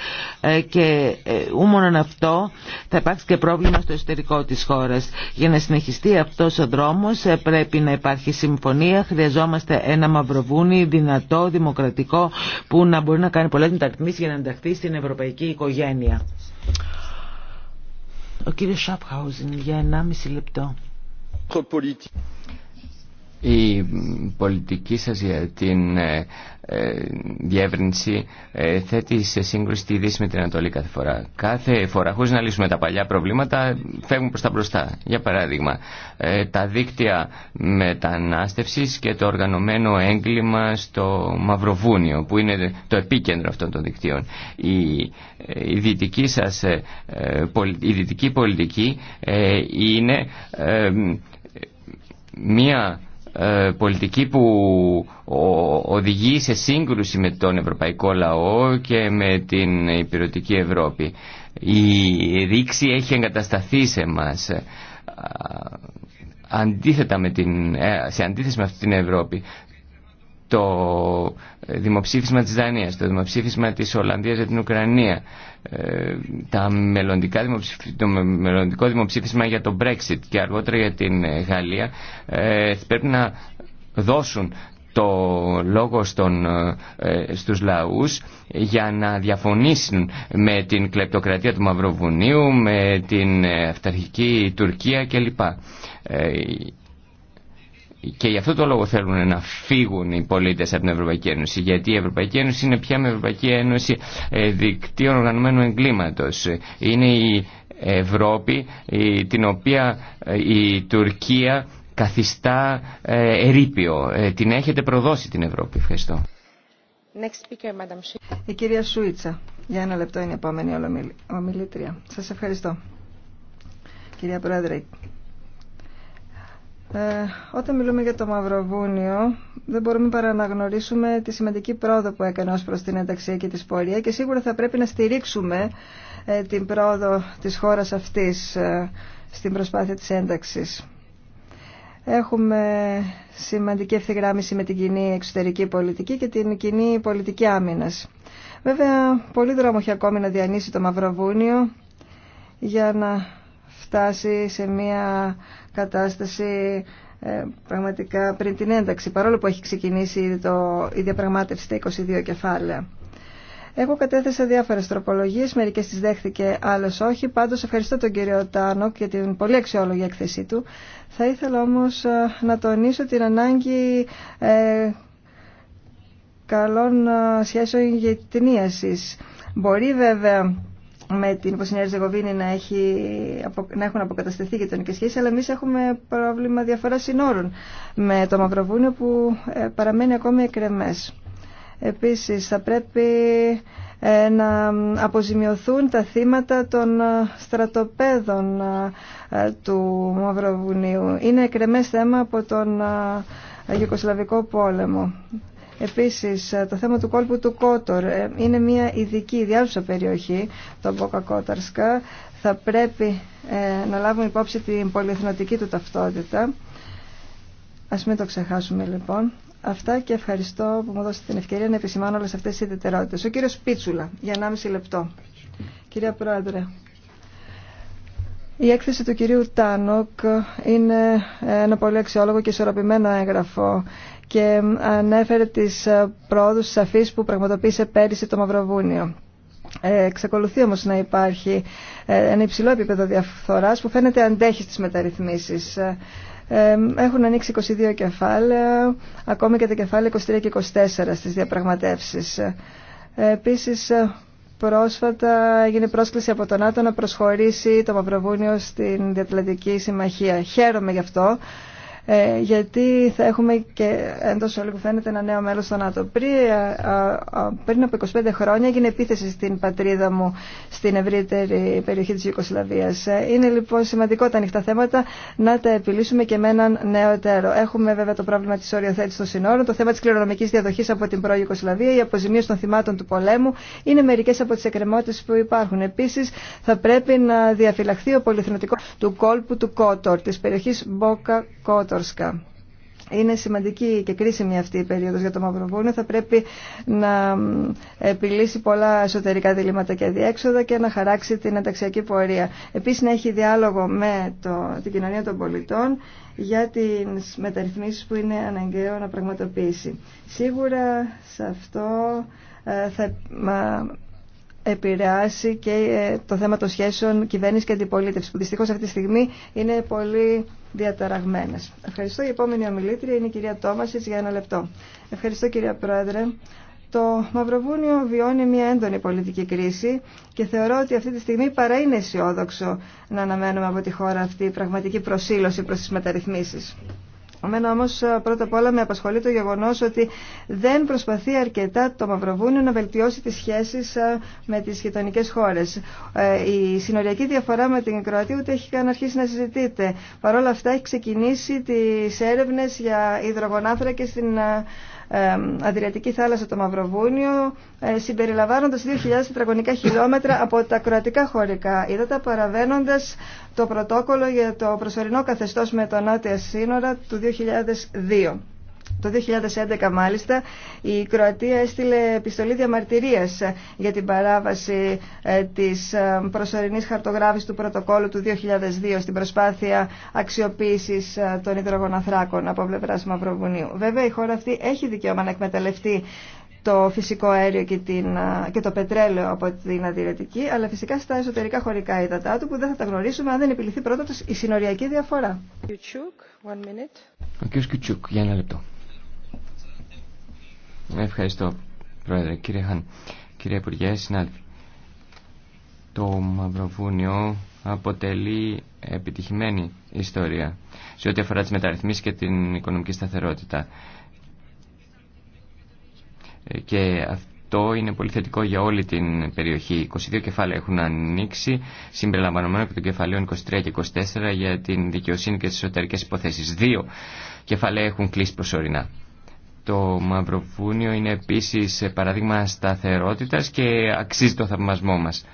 ε, και ε, ούμονον αυτό θα υπάρξει και πρόβλημα στο εσωτερικό της χώρας. Για να συνεχιστεί αυτός ο δρόμος πρέπει να υπάρχει συμφωνία, χρειαζόμαστε ένα μαυροβούνι δυνατό, δημοκρατικό που να μπορεί να κάνει πολλές μεταρρυθμίσεις για να ενταχθεί στην ευρωπαϊκή οικογένεια. Ο κύριος Σάπχαουζεν για 1,5 λεπτό. Η πολιτική σας για την ε, ε, διεύρυνση ε, θέτει σε σύγκρουση τη Δύση με την Ανατολή κάθε φορά. Κάθε φορά, χωρίς να λύσουμε τα παλιά προβλήματα, φεύγουμε προς τα μπροστά. Για παράδειγμα, ε, τα δίκτυα μετανάστευσης και το οργανωμένο έγκλημα στο Μαυροβούνιο, που είναι το επίκεντρο αυτών των δικτύων. Η, ε, η δυτική σας η δυτική πολιτική είναι μια ε, πολιτική που οδηγεί σε σύγκρουση με τον ευρωπαϊκό λαό και με την υπηρετική Ευρώπη. Η ρήξη έχει εγκατασταθεί σε μας ε, αντίθετα με την, ε, σε αντίθεση με αυτή την Ευρώπη το δημοψήφισμα της Δανίας, το δημοψήφισμα της Ολλανδίας για την Ουκρανία, ε, τα μελλοντικά το μελλοντικό δημοψήφισμα για το Brexit και αργότερα για την ε, Γαλλία, ε, πρέπει να δώσουν το λόγο στον, στους λαούς για να διαφωνήσουν με την κλεπτοκρατία του Μαυροβουνίου, με την αυταρχική Τουρκία κλπ. Και γι' αυτό το λόγο θέλουν να φύγουν οι πολίτες από την Ευρωπαϊκή Ένωση, γιατί η Ευρωπαϊκή Ένωση είναι πια με Ευρωπαϊκή Ένωση ε, δικτύων οργανωμένου εγκλήματος. Είναι η Ευρώπη την οποία ε, η Τουρκία καθιστά ε, ερήπιο. Την έχετε προδώσει την Ευρώπη. Ευχαριστώ. Next speaker, Madam η κυρία Σούιτσα, για ένα λεπτό είναι η επόμενη ομιλήτρια. Σας ευχαριστώ. Κυρία Πρόεδρε, ε, όταν μιλούμε για το Μαυροβούνιο, δεν μπορούμε παρά να γνωρίσουμε τη σημαντική πρόοδο που έκανε ω προ την και τη πορεία και σίγουρα θα πρέπει να στηρίξουμε ε, την πρόοδο της χώρας αυτής ε, στην προσπάθεια της ένταξης. Έχουμε σημαντική ευθυγράμμιση με την κοινή εξωτερική πολιτική και την κοινή πολιτική άμυνα. Βέβαια, πολύ δρόμο έχει ακόμη να διανύσει το Μαυροβούνιο για να φτάσει σε μια κατάσταση ε, πραγματικά πριν την ένταξη, παρόλο που έχει ξεκινήσει το, η διαπραγμάτευση τα 22 κεφάλαια. Εγώ κατέθεσα διάφορες τροπολογίες, μερικές τις δέχθηκε, άλλες όχι. Πάντως ευχαριστώ τον κύριο Τάνο για την πολύ αξιόλογη έκθεσή του. Θα ήθελα όμως ε, να τονίσω την ανάγκη ε, καλών ε, σχέσεων Μπορεί βέβαια με την Βοσνία Ριζεγοβίνη να, έχει, να έχουν αποκατασταθεί γειτονικέ σχέσει, αλλά εμεί έχουμε πρόβλημα διαφορά συνόρων με το Μαυροβούνιο που ε, παραμένει ακόμη εκρεμέ. Επίση, θα πρέπει ε, να αποζημιωθούν τα θύματα των ε, στρατοπέδων του Μαυροβουνίου. Είναι εκρεμές θέμα από τον Γιουκοσλαβικό πόλεμο. Επίσης, το θέμα του κόλπου του Κότορ ε, είναι μια ειδική διάρκεια περιοχή, το Μπόκα Θα πρέπει ε, να λάβουμε υπόψη την πολυεθνωτική του ταυτότητα. Ας μην το ξεχάσουμε λοιπόν. Αυτά και ευχαριστώ που μου δώσετε την ευκαιρία να επισημάνω όλες αυτές τις ιδιαιτερότητες. Ο κύριος Πίτσουλα, για 1,5 λεπτό. Κυρία Πρόεδρε, η έκθεση του κυρίου Τάνοκ είναι ένα πολύ αξιόλογο και ισορροπημένο έγγραφο και ανέφερε τις ε, πρόοδους αφής που πραγματοποίησε πέρυσι το Μαυροβούνιο. Ε, εξακολουθεί όμως να υπάρχει ε, ένα υψηλό επίπεδο διαφθοράς που φαίνεται αντέχει στις μεταρρυθμίσεις. Έχουν ανοίξει 22 κεφάλαια, ακόμη και τα κεφάλαια 23 και 24 στις διαπραγματεύσεις. Επίσης, πρόσφατα έγινε πρόσκληση από τον ΝΑΤΟ να προσχωρήσει το Μαυροβούνιο στην Διατλαντική Συμμαχία. Χαίρομαι γι' αυτό. Ε, γιατί θα έχουμε και εντό που φαίνεται ένα νέο μέλο στο ΝΑΤΟ. Πριν, ε, από 25 χρόνια έγινε επίθεση στην πατρίδα μου, στην ευρύτερη περιοχή τη Ιουκοσλαβία. Ε, είναι λοιπόν σημαντικό τα ανοιχτά θέματα να τα επιλύσουμε και με έναν νέο εταίρο. Έχουμε βέβαια το πρόβλημα τη οριοθέτηση των συνόρων, το θέμα τη κληρονομική διαδοχή από την πρώην Ιουκοσλαβία, η αποζημίωση των θυμάτων του πολέμου είναι μερικέ από τι εκκρεμότητε που υπάρχουν. Επίση, θα πρέπει να διαφυλαχθεί ο πολυεθνοτικό του κόλπου του Κότορ, τη περιοχή Μπόκα Κότορ είναι σημαντική και κρίσιμη αυτή η περίοδος για το Μαυροβούνιο. Θα πρέπει να επιλύσει πολλά εσωτερικά διλήμματα και αδιέξοδα και να χαράξει την ανταξιακή πορεία. Επίσης να έχει διάλογο με το, την κοινωνία των πολιτών για τις μεταρρυθμίσεις που είναι αναγκαίο να πραγματοποιήσει. Σίγουρα σε αυτό ε, θα επηρεάσει και ε, το θέμα των σχέσεων κυβέρνηση και αντιπολίτευση, που δυστυχώ αυτή τη στιγμή είναι πολύ διαταραγμένε. Ευχαριστώ. Η επόμενη ομιλήτρια είναι η κυρία Τόμαση για ένα λεπτό. Ευχαριστώ, κυρία Πρόεδρε. Το Μαυροβούνιο βιώνει μια έντονη πολιτική κρίση και θεωρώ ότι αυτή τη στιγμή παρά είναι αισιόδοξο να αναμένουμε από τη χώρα αυτή πραγματική προσήλωση προς τις μεταρρυθμίσεις. Εμένα όμω ε, πρώτα απ' όλα με απασχολεί το γεγονός ότι δεν προσπαθεί αρκετά το Μαυροβούνιο να βελτιώσει τις σχέσεις ε, με τις γειτονικέ χώρες. Ε, η συνοριακή διαφορά με την Κροατία ούτε έχει καν αρχίσει να συζητείται. Παρ' όλα αυτά έχει ξεκινήσει τι έρευνε για υδρογονάθρακε και στην Αδριατική θάλασσα το Μαυροβούνιο, ε, συμπεριλαμβάνοντας 2.000 τετραγωνικά χιλιόμετρα από τα κροατικά χωρικά ύδατα, παραβαίνοντας το πρωτόκολλο για το προσωρινό καθεστώς με τον νότια σύνορα του 2002. Το 2011 μάλιστα η Κροατία έστειλε επιστολή διαμαρτυρίας για την παράβαση ε, της ε, προσωρινής χαρτογράφησης του πρωτοκόλου του 2002 στην προσπάθεια αξιοποίησης ε, των υδρογοναθράκων από πλευράς Μαυροβουνίου. Βέβαια η χώρα αυτή έχει δικαίωμα να εκμεταλλευτεί το φυσικό αέριο και, την, και το πετρέλαιο από την αντιρετική, αλλά φυσικά στα εσωτερικά χωρικά ύδατά του που δεν θα τα γνωρίσουμε αν δεν επιληθεί πρώτα η συνοριακή διαφορά. Ο κ. Κιουτσούκ, για ένα λεπτό. Ευχαριστώ, Πρόεδρε. Κύριε Χαν, κύριε Υπουργέ, συνάδελφοι. Το Μαυροβούνιο αποτελεί επιτυχημένη ιστορία σε ό,τι αφορά τις μεταρρυθμίσεις και την οικονομική σταθερότητα. Ε, και αυτό είναι πολύ θετικό για όλη την περιοχή. 22 κεφάλαια έχουν ανοίξει, συμπεριλαμβανομένων από των κεφαλαίων 23 και 24 για την δικαιοσύνη και τις εσωτερικές υποθέσεις. Δύο κεφάλαια έχουν κλείσει προσωρινά. Το Μαυροβούνιο είναι επίσης παραδείγμα σταθερότητας και αξίζει το θαυμασμό μας.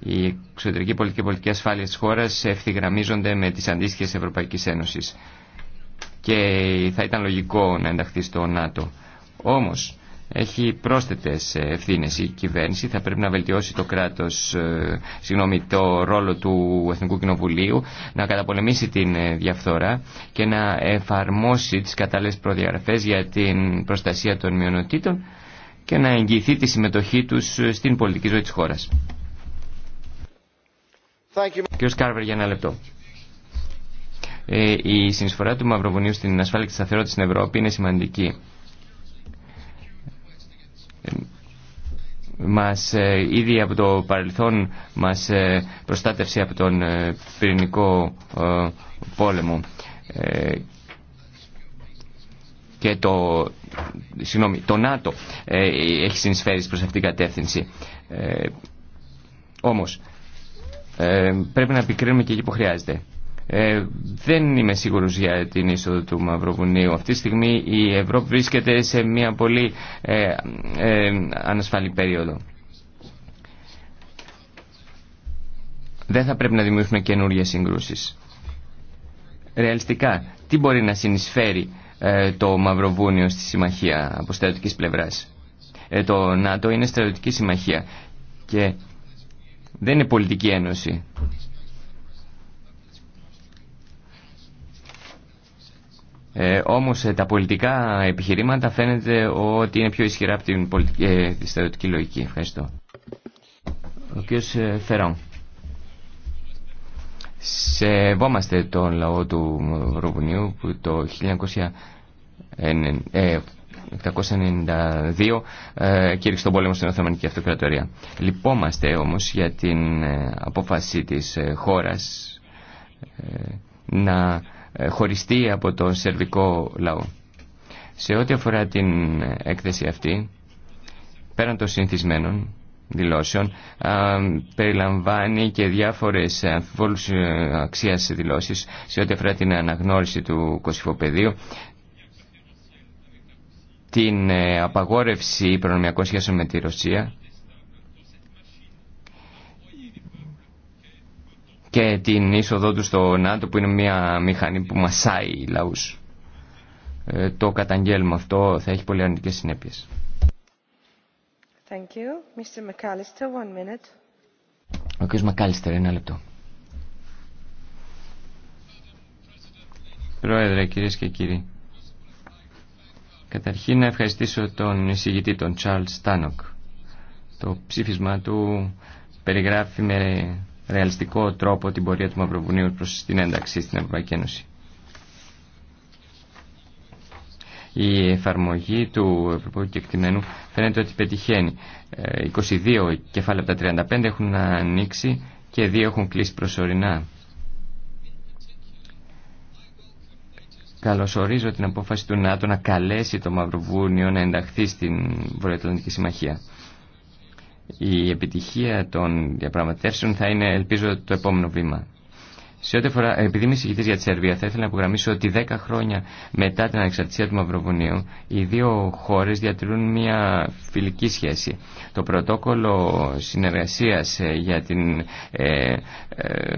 Η εξωτερική πολιτική και πολιτική ασφάλεια της χώρας ευθυγραμμίζονται με τις αντίστοιχες Ευρωπαϊκής Ένωσης και θα ήταν λογικό να ενταχθεί στο ΝΑΤΟ. Όμως, έχει πρόσθετες ε, ευθύνες. Η κυβέρνηση θα πρέπει να βελτιώσει το κράτος, ε, συγγνώμη, το ρόλο του Εθνικού Κοινοβουλίου, να καταπολεμήσει την ε, διαφθορά και να εφαρμόσει τις κατάλληλες προδιαγραφές για την προστασία των μειονοτήτων και να εγγυηθεί τη συμμετοχή τους στην πολιτική ζωή της χώρας. Κύριος Κάρβερ, για ένα λεπτό. Η συνεισφορά του Μαυροβουνίου στην ασφάλεια και τη σταθερότητα στην Ευρώπη είναι σημαντική μας ε, ήδη από το παρελθόν μας ε, προστάτευσε από τον ε, πυρηνικό πόλεμο και το, συγγνώμη, το ΝΑΤΟ έχει συνεισφέρει προς αυτήν την κατεύθυνση. Ε, όμως, πρέπει να επικρίνουμε και εκεί που χρειάζεται. Ε, δεν είμαι σίγουρος για την είσοδο του Μαυροβουνίου. Αυτή τη στιγμή η Ευρώπη βρίσκεται σε μια πολύ ε, ε ανασφαλή περίοδο. Δεν θα πρέπει να δημιουργήσουμε καινούργιε συγκρούσεις. Ρεαλιστικά, τι μπορεί να συνεισφέρει ε, το Μαυροβούνιο στη συμμαχία από στρατιωτικής πλευράς. Ε, το ΝΑΤΟ είναι στρατιωτική συμμαχία και δεν είναι πολιτική ένωση. Ε, όμως ε, τα πολιτικά επιχειρήματα φαίνεται ότι είναι πιο ισχυρά από την πολιτική, ε, τη στρατιωτική λογική. Ευχαριστώ. Ο κ. Φερόν. Σεβόμαστε τον λαό του Ρουβουνίου που το 1892 ε, ε, κήρυξε τον πόλεμο στην Οθωμανική Αυτοκρατορία. Λυπόμαστε όμως για την ε, απόφαση της χώρας να ε, χωριστεί από το σερβικό λαό. Σε ό,τι αφορά την έκθεση αυτή, πέραν των συνηθισμένων δηλώσεων, περιλαμβάνει και διάφορες αμφιβόλους ε, αξίας δηλώσεις σε ό,τι αφορά την αναγνώριση του κοσυφοπεδίου, την ε, απαγόρευση προνομιακών σχέσεων με τη Ρωσία, και την είσοδό του στο ΝΑΤΟ που είναι μια μηχανή που μασάει λαούς. Ε, το καταγγέλμα αυτό θα έχει πολύ αρνητικές συνέπειες. Ο κ. Μακάλιστερ, ένα λεπτό. Πρόεδρε, κυρίες και κύριοι. Καταρχήν να ευχαριστήσω τον εισηγητή, τον Charles Στάνοκ. Το ψήφισμα του περιγράφει με ρεαλιστικό τρόπο την πορεία του Μαυροβουνίου προς την ένταξη στην Ευρωπαϊκή Ένωση. Η εφαρμογή του Ευρωπαϊκού Κεκτημένου φαίνεται ότι πετυχαίνει. 22 ε, κεφάλαια από τα 35 έχουν ανοίξει και 2 έχουν κλείσει προσωρινά. Καλωσορίζω την απόφαση του ΝΑΤΟ να καλέσει το Μαυροβούνιο να ενταχθεί στην Βορειοατλαντική Συμμαχία η επιτυχία των διαπραγματεύσεων θα είναι, ελπίζω, το επόμενο βήμα. Σε ό,τι αφορά, επειδή είμαι για τη Σερβία, θα ήθελα να απογραμμίσω ότι 10 χρόνια μετά την ανεξαρτησία του Μαυροβουνίου, οι δύο χώρε διατηρούν μια φιλική σχέση. Το πρωτόκολλο συνεργασία ε, για την ε, ε,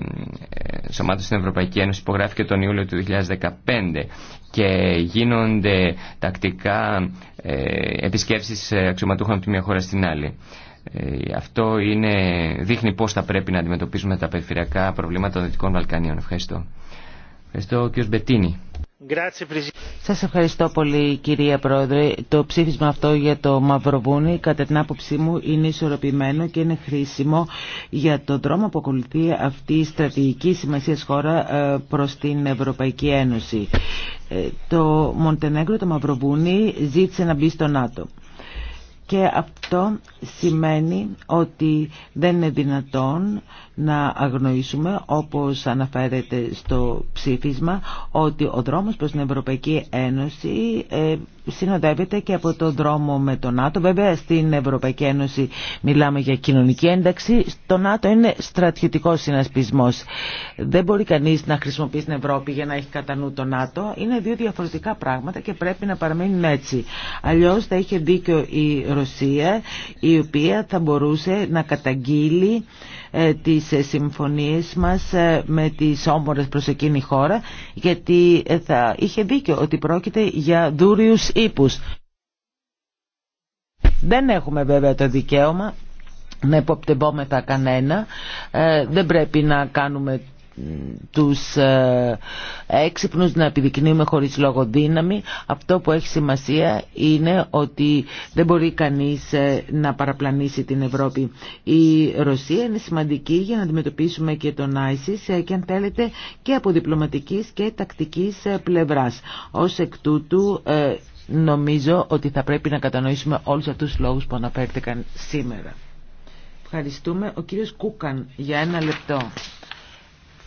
σωμάτωση στην Ευρωπαϊκή Ένωση υπογράφηκε τον Ιούλιο του 2015 και γίνονται τακτικά ε, επισκέψει ε, αξιωματούχων από τη μία χώρα στην άλλη. Ε, αυτό είναι, δείχνει πώς θα πρέπει να αντιμετωπίσουμε τα περιφερειακά προβλήματα των Δυτικών Βαλκανίων. Ευχαριστώ. Ευχαριστώ κ. Μπετίνη. Σας ευχαριστώ πολύ κυρία Πρόεδρε. Το ψήφισμα αυτό για το Μαυροβούνι κατά την άποψή μου είναι ισορροπημένο και είναι χρήσιμο για τον δρόμο που ακολουθεί αυτή η στρατηγική σημασία χώρα ε, προς την Ευρωπαϊκή Ένωση. Ε, το Μοντενέγκρο, το Μαυροβούνι ζήτησε να μπει στο ΝΑΤΟ. Και αυτό σημαίνει ότι δεν είναι δυνατόν να αγνοήσουμε, όπως αναφέρεται στο ψήφισμα, ότι ο δρόμος προς την Ευρωπαϊκή Ένωση ε, συνοδεύεται και από τον δρόμο με το ΝΑΤΟ. Βέβαια στην Ευρωπαϊκή Ένωση μιλάμε για κοινωνική ένταξη. Το ΝΑΤΟ είναι στρατιωτικό συνασπισμό. Δεν μπορεί κανεί να χρησιμοποιεί την Ευρώπη για να έχει κατά νου το ΝΑΤΟ. Είναι δύο διαφορετικά πράγματα και πρέπει να παραμείνουν έτσι. Αλλιώ θα είχε δίκιο η Ρωσία η οποία θα μπορούσε να καταγγείλει ε, τις ε, συμφωνίες μας ε, με τις όμορες προς εκείνη χώρα γιατί θα είχε δίκιο ότι πρόκειται για δούριους ύπους. Δεν έχουμε βέβαια το δικαίωμα να τα κανένα. Δεν πρέπει να κάνουμε τους ε, έξυπνους να επιδεικνύουμε χωρίς λόγο δύναμη. Αυτό που έχει σημασία είναι ότι δεν μπορεί κανείς ε, να παραπλανήσει την Ευρώπη. Η Ρωσία είναι σημαντική για να αντιμετωπίσουμε και τον ISIS ε, και αν θέλετε και από διπλωματικής και τακτικής πλευράς. Ως εκ τούτου νομίζω ότι θα πρέπει να κατανοήσουμε όλους αυτούς τους λόγους που αναφέρθηκαν σήμερα. Ευχαριστούμε. Ο κύριος Κούκαν για ένα λεπτό.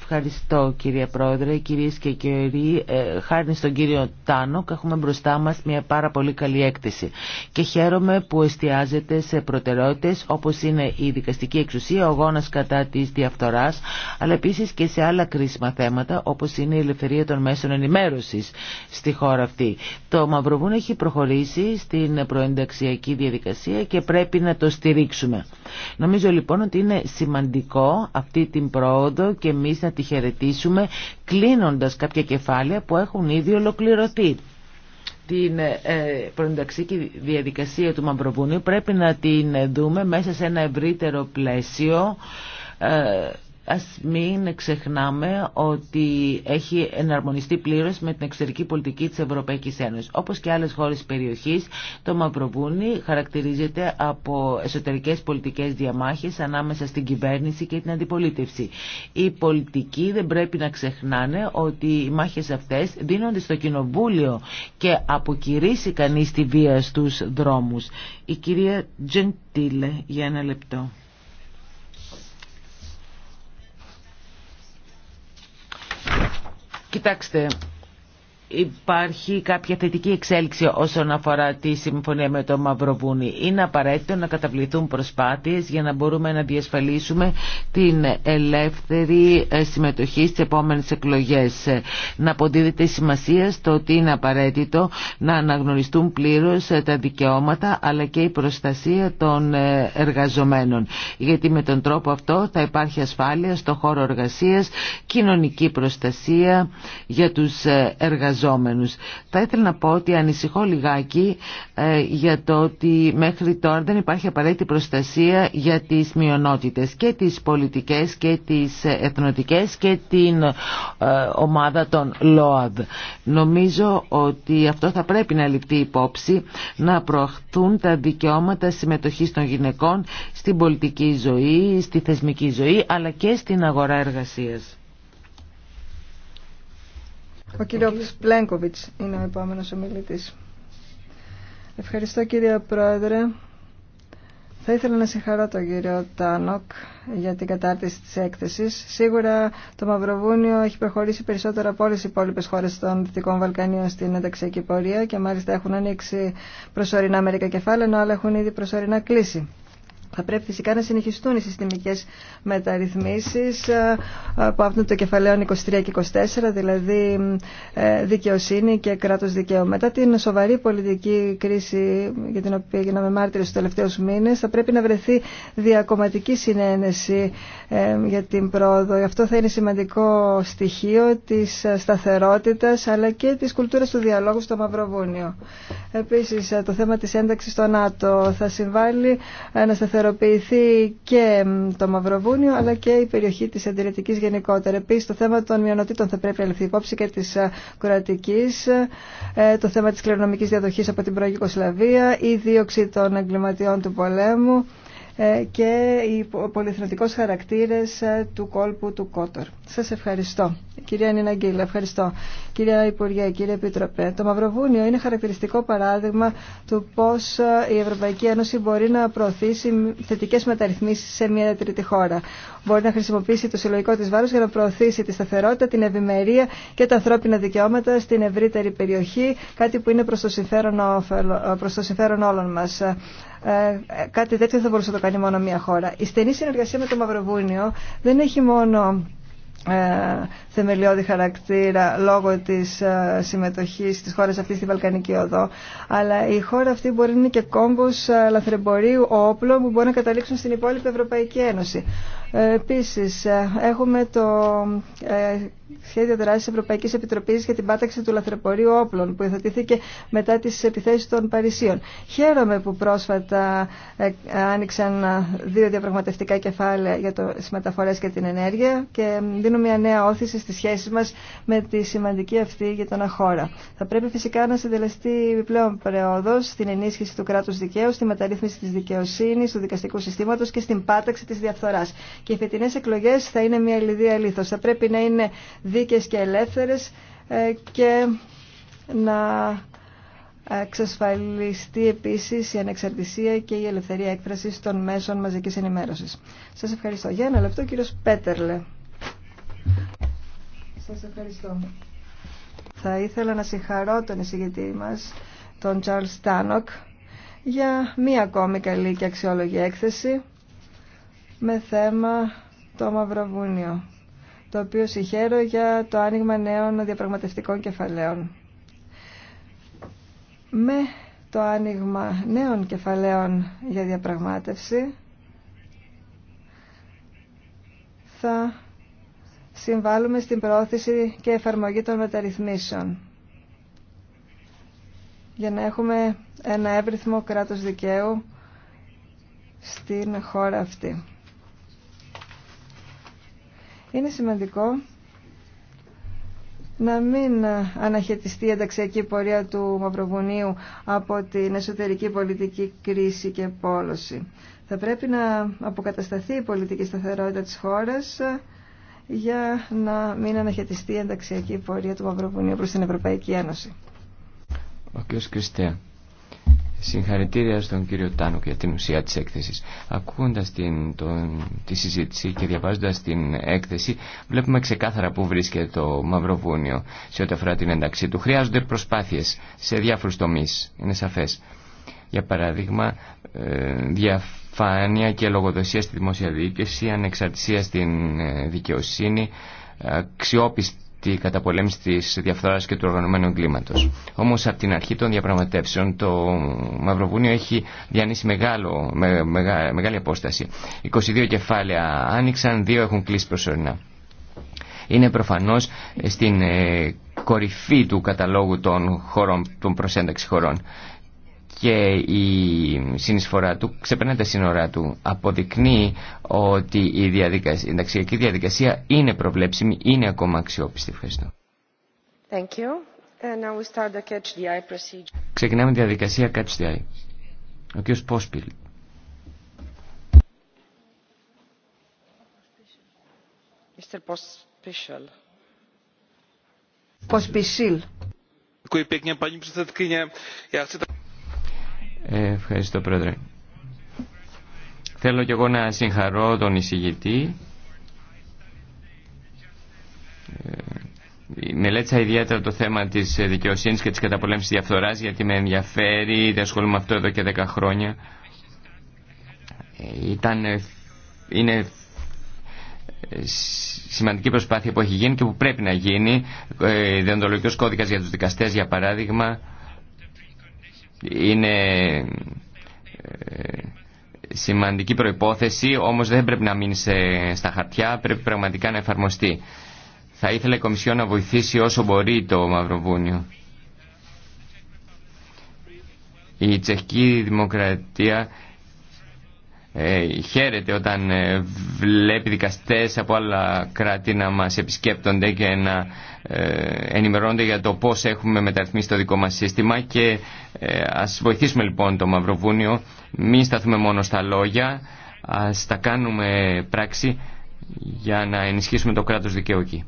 Ευχαριστώ κύριε Πρόεδρε, κυρίες και κύριοι. Ε, χάρη στον κύριο Τάνοκ έχουμε μπροστά μας μια πάρα πολύ καλή έκθεση και χαίρομαι που εστιάζεται σε προτεραιότητες όπως είναι η δικαστική εξουσία, ο γόνας κατά της διαφθοράς αλλά επίσης και σε άλλα κρίσιμα θέματα όπως είναι η ελευθερία των μέσων ενημέρωσης στη χώρα αυτή. Το Μαυροβούν έχει προχωρήσει στην προενταξιακή διαδικασία και πρέπει να το στηρίξουμε. Νομίζω λοιπόν ότι είναι σημαντικό αυτή την πρόοδο και εμεί. να τη χαιρετήσουμε κλείνοντας κάποια κεφάλαια που έχουν ήδη ολοκληρωθεί. Την ε, προενταξική διαδικασία του Μαυροβουνίου πρέπει να την δούμε μέσα σε ένα ευρύτερο πλαίσιο ε, Ας μην ξεχνάμε ότι έχει εναρμονιστεί πλήρως με την εξωτερική πολιτική της Ευρωπαϊκής Ένωσης. Όπως και άλλες χώρες της περιοχής, το Μαυροβούνι χαρακτηρίζεται από εσωτερικές πολιτικές διαμάχες ανάμεσα στην κυβέρνηση και την αντιπολίτευση. Οι πολιτικοί δεν πρέπει να ξεχνάνε ότι οι μάχες αυτές δίνονται στο κοινοβούλιο και αποκηρύσει κανείς τη βία στους δρόμους. Η κυρία Τζεντήλε για ένα λεπτό. Κοιτάξτε, υπάρχει κάποια θετική εξέλιξη όσον αφορά τη συμφωνία με το Μαυροβούνι. Είναι απαραίτητο να καταβληθούν προσπάθειες για να μπορούμε να διασφαλίσουμε την ελεύθερη ε, συμμετοχή στις επόμενες εκλογές. Ε, να αποδίδεται σημασία στο ότι είναι απαραίτητο να αναγνωριστούν πλήρως ε, τα δικαιώματα αλλά και η προστασία των εργαζομένων. Γιατί με τον τρόπο αυτό θα υπάρχει ασφάλεια στο χώρο εργασίας, κοινωνική προστασία για τους εργαζομένους εργαζόμενους. Θα ήθελα να πω ότι ανησυχώ λιγάκι ε, για το ότι μέχρι τώρα δεν υπάρχει απαραίτητη προστασία για τις μειονότητες και τις πολιτικές και τις εθνοτικές και την ε, ομάδα των ΛΟΑΔ. Νομίζω ότι αυτό θα πρέπει να ληφθεί υπόψη να προαχθούν τα δικαιώματα συμμετοχής των γυναικών στην πολιτική ζωή, στη θεσμική ζωή αλλά και στην αγορά εργασίας. Ο κύριο Πλένκοβιτς είναι ο επόμενος ομιλητής. Ευχαριστώ κύριε Πρόεδρε. Θα ήθελα να συγχαρώ τον κύριο Τάνοκ για την κατάρτιση της έκθεσης. Σίγουρα το Μαυροβούνιο έχει προχωρήσει περισσότερο από όλες οι υπόλοιπες χώρες των Δυτικών Βαλκανίων στην ενταξιακή πορεία και μάλιστα έχουν ανοίξει προσωρινά μερικά κεφάλαια, ενώ άλλα έχουν ήδη προσωρινά κλείσει. Θα πρέπει φυσικά να συνεχιστούν οι συστημικές μεταρρυθμίσεις ε, ε, που άπτουν το κεφαλαίο 23 και 24, δηλαδή ε, δικαιοσύνη και κράτος δικαίου. Μετά την σοβαρή πολιτική κρίση για την οποία γίναμε μάρτυρες στους τελευταίους μήνες, θα πρέπει να βρεθεί διακομματική συνένεση για την πρόοδο. Αυτό θα είναι σημαντικό στοιχείο της σταθερότητας αλλά και της κουλτούρας του διαλόγου στο Μαυροβούνιο. Επίσης, το θέμα της ένταξης στο ΝΑΤΟ θα συμβάλλει να σταθεροποιηθεί και το Μαυροβούνιο αλλά και η περιοχή της Αντιρρετικής γενικότερα. Επίσης το θέμα των μειονοτήτων θα πρέπει να ληφθεί υπόψη και της ε, Κροατικής, ε, το θέμα της κληρονομικής διαδοχής από την πρώην η δίωξη των εγκληματιών του πολέμου ε, και οι πολυθνοτικός χαρακτήρες του κόλπου του Κότορ. Σας ευχαριστώ. Κυρία Νίνα ευχαριστώ. Κυρία Υπουργέ, κύριε Επίτροπε, το Μαυροβούνιο είναι χαρακτηριστικό παράδειγμα του πώ ε, η Ευρωπαϊκή Ένωση μπορεί να προωθήσει θετικέ μεταρρυθμίσει σε μια τρίτη χώρα. Μπορεί να χρησιμοποιήσει το συλλογικό τη βάρο για να προωθήσει τη σταθερότητα, την ευημερία και τα ανθρώπινα δικαιώματα στην ευρύτερη περιοχή, κάτι που είναι προ το, ε, το συμφέρον όλων μα. Ε, κάτι τέτοιο θα μπορούσε να το κάνει μόνο μία χώρα. Η στενή συνεργασία με το Μαυροβούνιο δεν έχει μόνο ε, θεμελιώδη χαρακτήρα λόγω της ε, συμμετοχής της χώρας αυτής στη Βαλκανική Οδό. Αλλά η χώρα αυτή μπορεί να είναι και κόμπος ε, λαθρεμπορίου όπλων που μπορεί να καταλήξουν στην υπόλοιπη Ευρωπαϊκή Ένωση. Επίσης, ε, έχουμε το ε, σχέδιο δράσης Ευρωπαϊκής Επιτροπής για την πάταξη του λαθρεπορείου όπλων που υιοθετήθηκε μετά τις επιθέσεις των Παρισίων. Χαίρομαι που πρόσφατα ε, άνοιξαν δύο διαπραγματευτικά κεφάλαια για τις μεταφορές και την ενέργεια και δίνουμε μια νέα όθηση στις σχέσεις μας με τη σημαντική αυτή για τον χώρα. Θα πρέπει φυσικά να συντελεστεί πλέον πρόοδος στην ενίσχυση του κράτους δικαίου, στη μεταρρύθμιση της δικαιοσύνης, του δικαστικού συστήματος και στην πάταξη της διαφθοράς. Και οι φετινέ εκλογέ θα είναι μια λιδία λίθο. Θα πρέπει να είναι δίκαιε και ελεύθερε ε, και να εξασφαλιστεί επίση η ανεξαρτησία και η ελευθερία έκφραση των μέσων μαζική ενημέρωση. Σας ευχαριστώ. Για ένα λεπτό, Κύριο Πέτερλε. Σας ευχαριστώ. Θα ήθελα να συγχαρώ τον εισηγητή μας, τον Charles Στάνοκ, για μία ακόμη καλή και αξιόλογη έκθεση με θέμα το Μαυροβούνιο, το οποίο συγχαίρω για το άνοιγμα νέων διαπραγματευτικών κεφαλαίων. Με το άνοιγμα νέων κεφαλαίων για διαπραγμάτευση θα συμβάλλουμε στην προώθηση και εφαρμογή των μεταρρυθμίσεων για να έχουμε ένα εύρυθμο κράτος δικαίου στην χώρα αυτή. Είναι σημαντικό να μην αναχαιτιστεί η ενταξιακή πορεία του Μαυροβουνίου από την εσωτερική πολιτική κρίση και πόλωση. Θα πρέπει να αποκατασταθεί η πολιτική σταθερότητα της χώρας για να μην αναχαιτιστεί η ενταξιακή πορεία του Μαυροβουνίου προς την Ευρωπαϊκή Ένωση. Ο κ. Κριστέα. Συγχαρητήρια στον κύριο Τάνοκ για την ουσία της έκθεσης. Ακούγοντας την, τη συζήτηση και διαβάζοντας την έκθεση, βλέπουμε ξεκάθαρα που βρίσκεται το Μαυροβούνιο σε ό,τι αφορά την ένταξή του. Χρειάζονται προσπάθειες σε διάφορους τομείς, είναι σαφές. Για παράδειγμα, ε, διαφάνεια και λογοδοσία στη δημοσία διοίκηση, ανεξαρτησία στην ε, δικαιοσύνη, αξιόπιστη τη καταπολέμηση τη διαφθορά και του οργανωμένου εγκλήματο. Όμω από την αρχή των διαπραγματεύσεων το Μαυροβούνιο έχει διανύσει μεγάλο, μεγάλη απόσταση. 22 κεφάλαια άνοιξαν, δύο έχουν κλείσει προσωρινά. Είναι προφανώ στην ε, κορυφή του καταλόγου των, χωρών, των προσένταξη χωρών και η συνεισφορά του ξεπερνά τα σύνορά του. Αποδεικνύει ότι η, διαδικασία, η ενταξιακή διαδικασία είναι προβλέψιμη, είναι ακόμα αξιόπιστη. Ευχαριστώ. Thank you. And now we start the catch the eye procedure. Ξεκινάμε τη διαδικασία Catch the Eye. Ο κ. Πόσπιλ. Mr. Pospíšil. Pospíšil. Děkuji pěkně, ε, ευχαριστώ πρόεδρε. Θέλω κι εγώ να συγχαρώ τον εισηγητή. Ε, μελέτησα ιδιαίτερα το θέμα της δικαιοσύνης και της καταπολέμησης διαφθοράς γιατί με ενδιαφέρει, δεν ασχολούμαι αυτό εδώ και 10 χρόνια. Ε, ήταν, είναι σημαντική προσπάθεια που έχει γίνει και που πρέπει να γίνει. Δεντολογικός κώδικας για τους δικαστές για παράδειγμα είναι ε, σημαντική προϋπόθεση, όμως δεν πρέπει να μείνει στα χαρτιά, πρέπει πραγματικά να εφαρμοστεί. Θα ήθελε η Κομισιό να βοηθήσει όσο μπορεί το Μαυροβούνιο. Η Τσεχική Δημοκρατία ε, χαίρεται όταν ε, βλέπει δικαστές από άλλα κράτη να μας επισκέπτονται και να ε, ενημερώνονται για το πώς έχουμε μεταρρυθμίσει το δικό μας σύστημα και ας βοηθήσουμε λοιπόν το Μαυροβούνιο, μην σταθούμε μόνο στα λόγια, ας τα κάνουμε πράξη για να ενισχύσουμε το κράτος δικαίου εκεί.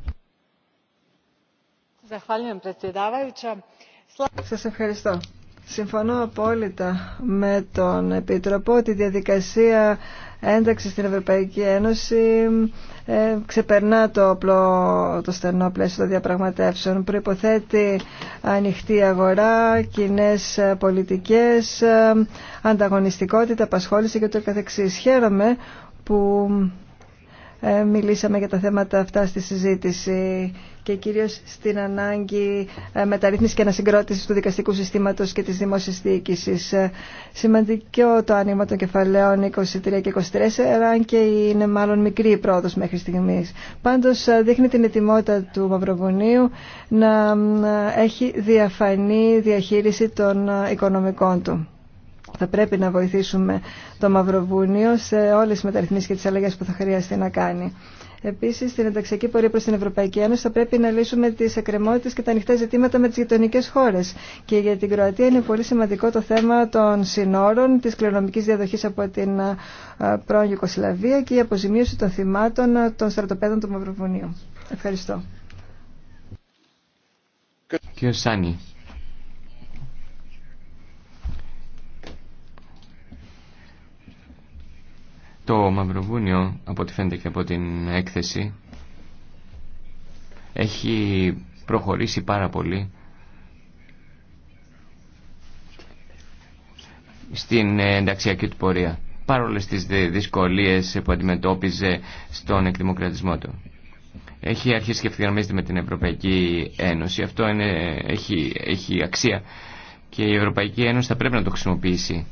Σας ευχαριστώ. Συμφωνώ απόλυτα με τον Επίτροπο ότι η διαδικασία ένταξης στην Ευρωπαϊκή Ένωση ε, ξεπερνά το, απλό, το στενό πλαίσιο των διαπραγματεύσεων. Προϋποθέτει ανοιχτή αγορά, κοινέ πολιτικές, ε, ανταγωνιστικότητα, απασχόληση και το καθεξής. Χαίρομαι που ε, μιλήσαμε για τα θέματα αυτά στη συζήτηση και κυρίως στην ανάγκη ε, μεταρρύθμισης και ανασυγκρότησης του δικαστικού συστήματος και της δημόσιας διοίκησης. Ε, σημαντικό το άνοιγμα των κεφαλαίων 23 και 24, αν και είναι μάλλον μικρή η πρόοδος μέχρι στιγμής. Πάντως δείχνει την ετοιμότητα του Μαυροβουνίου να έχει διαφανή διαχείριση των οικονομικών του θα πρέπει να βοηθήσουμε το Μαυροβούνιο σε όλες τις μεταρρυθμίσεις και τις αλλαγές που θα χρειαστεί να κάνει. Επίσης, στην ενταξιακή πορεία προς την Ευρωπαϊκή Ένωση θα πρέπει να λύσουμε τις εκκρεμότητες και τα ανοιχτά ζητήματα με τις γειτονικέ χώρες. Και για την Κροατία είναι πολύ σημαντικό το θέμα των συνόρων, της κληρονομικής διαδοχής από την πρώην Ιουκοσλαβία και η αποζημίωση των θυμάτων των στρατοπέδων του Μαυροβουνίου. Ευχαριστώ. Το Μαυροβούνιο, από ό,τι φαίνεται και από την έκθεση, έχει προχωρήσει πάρα πολύ στην ε, ενταξιακή του πορεία παρόλε τις δυσκολίες που αντιμετώπιζε στον εκδημοκρατισμό του. Έχει αρχίσει και ευθυγραμμίζεται με την Ευρωπαϊκή Ένωση. Αυτό είναι, έχει, έχει αξία και η Ευρωπαϊκή Ένωση θα πρέπει να το χρησιμοποιήσει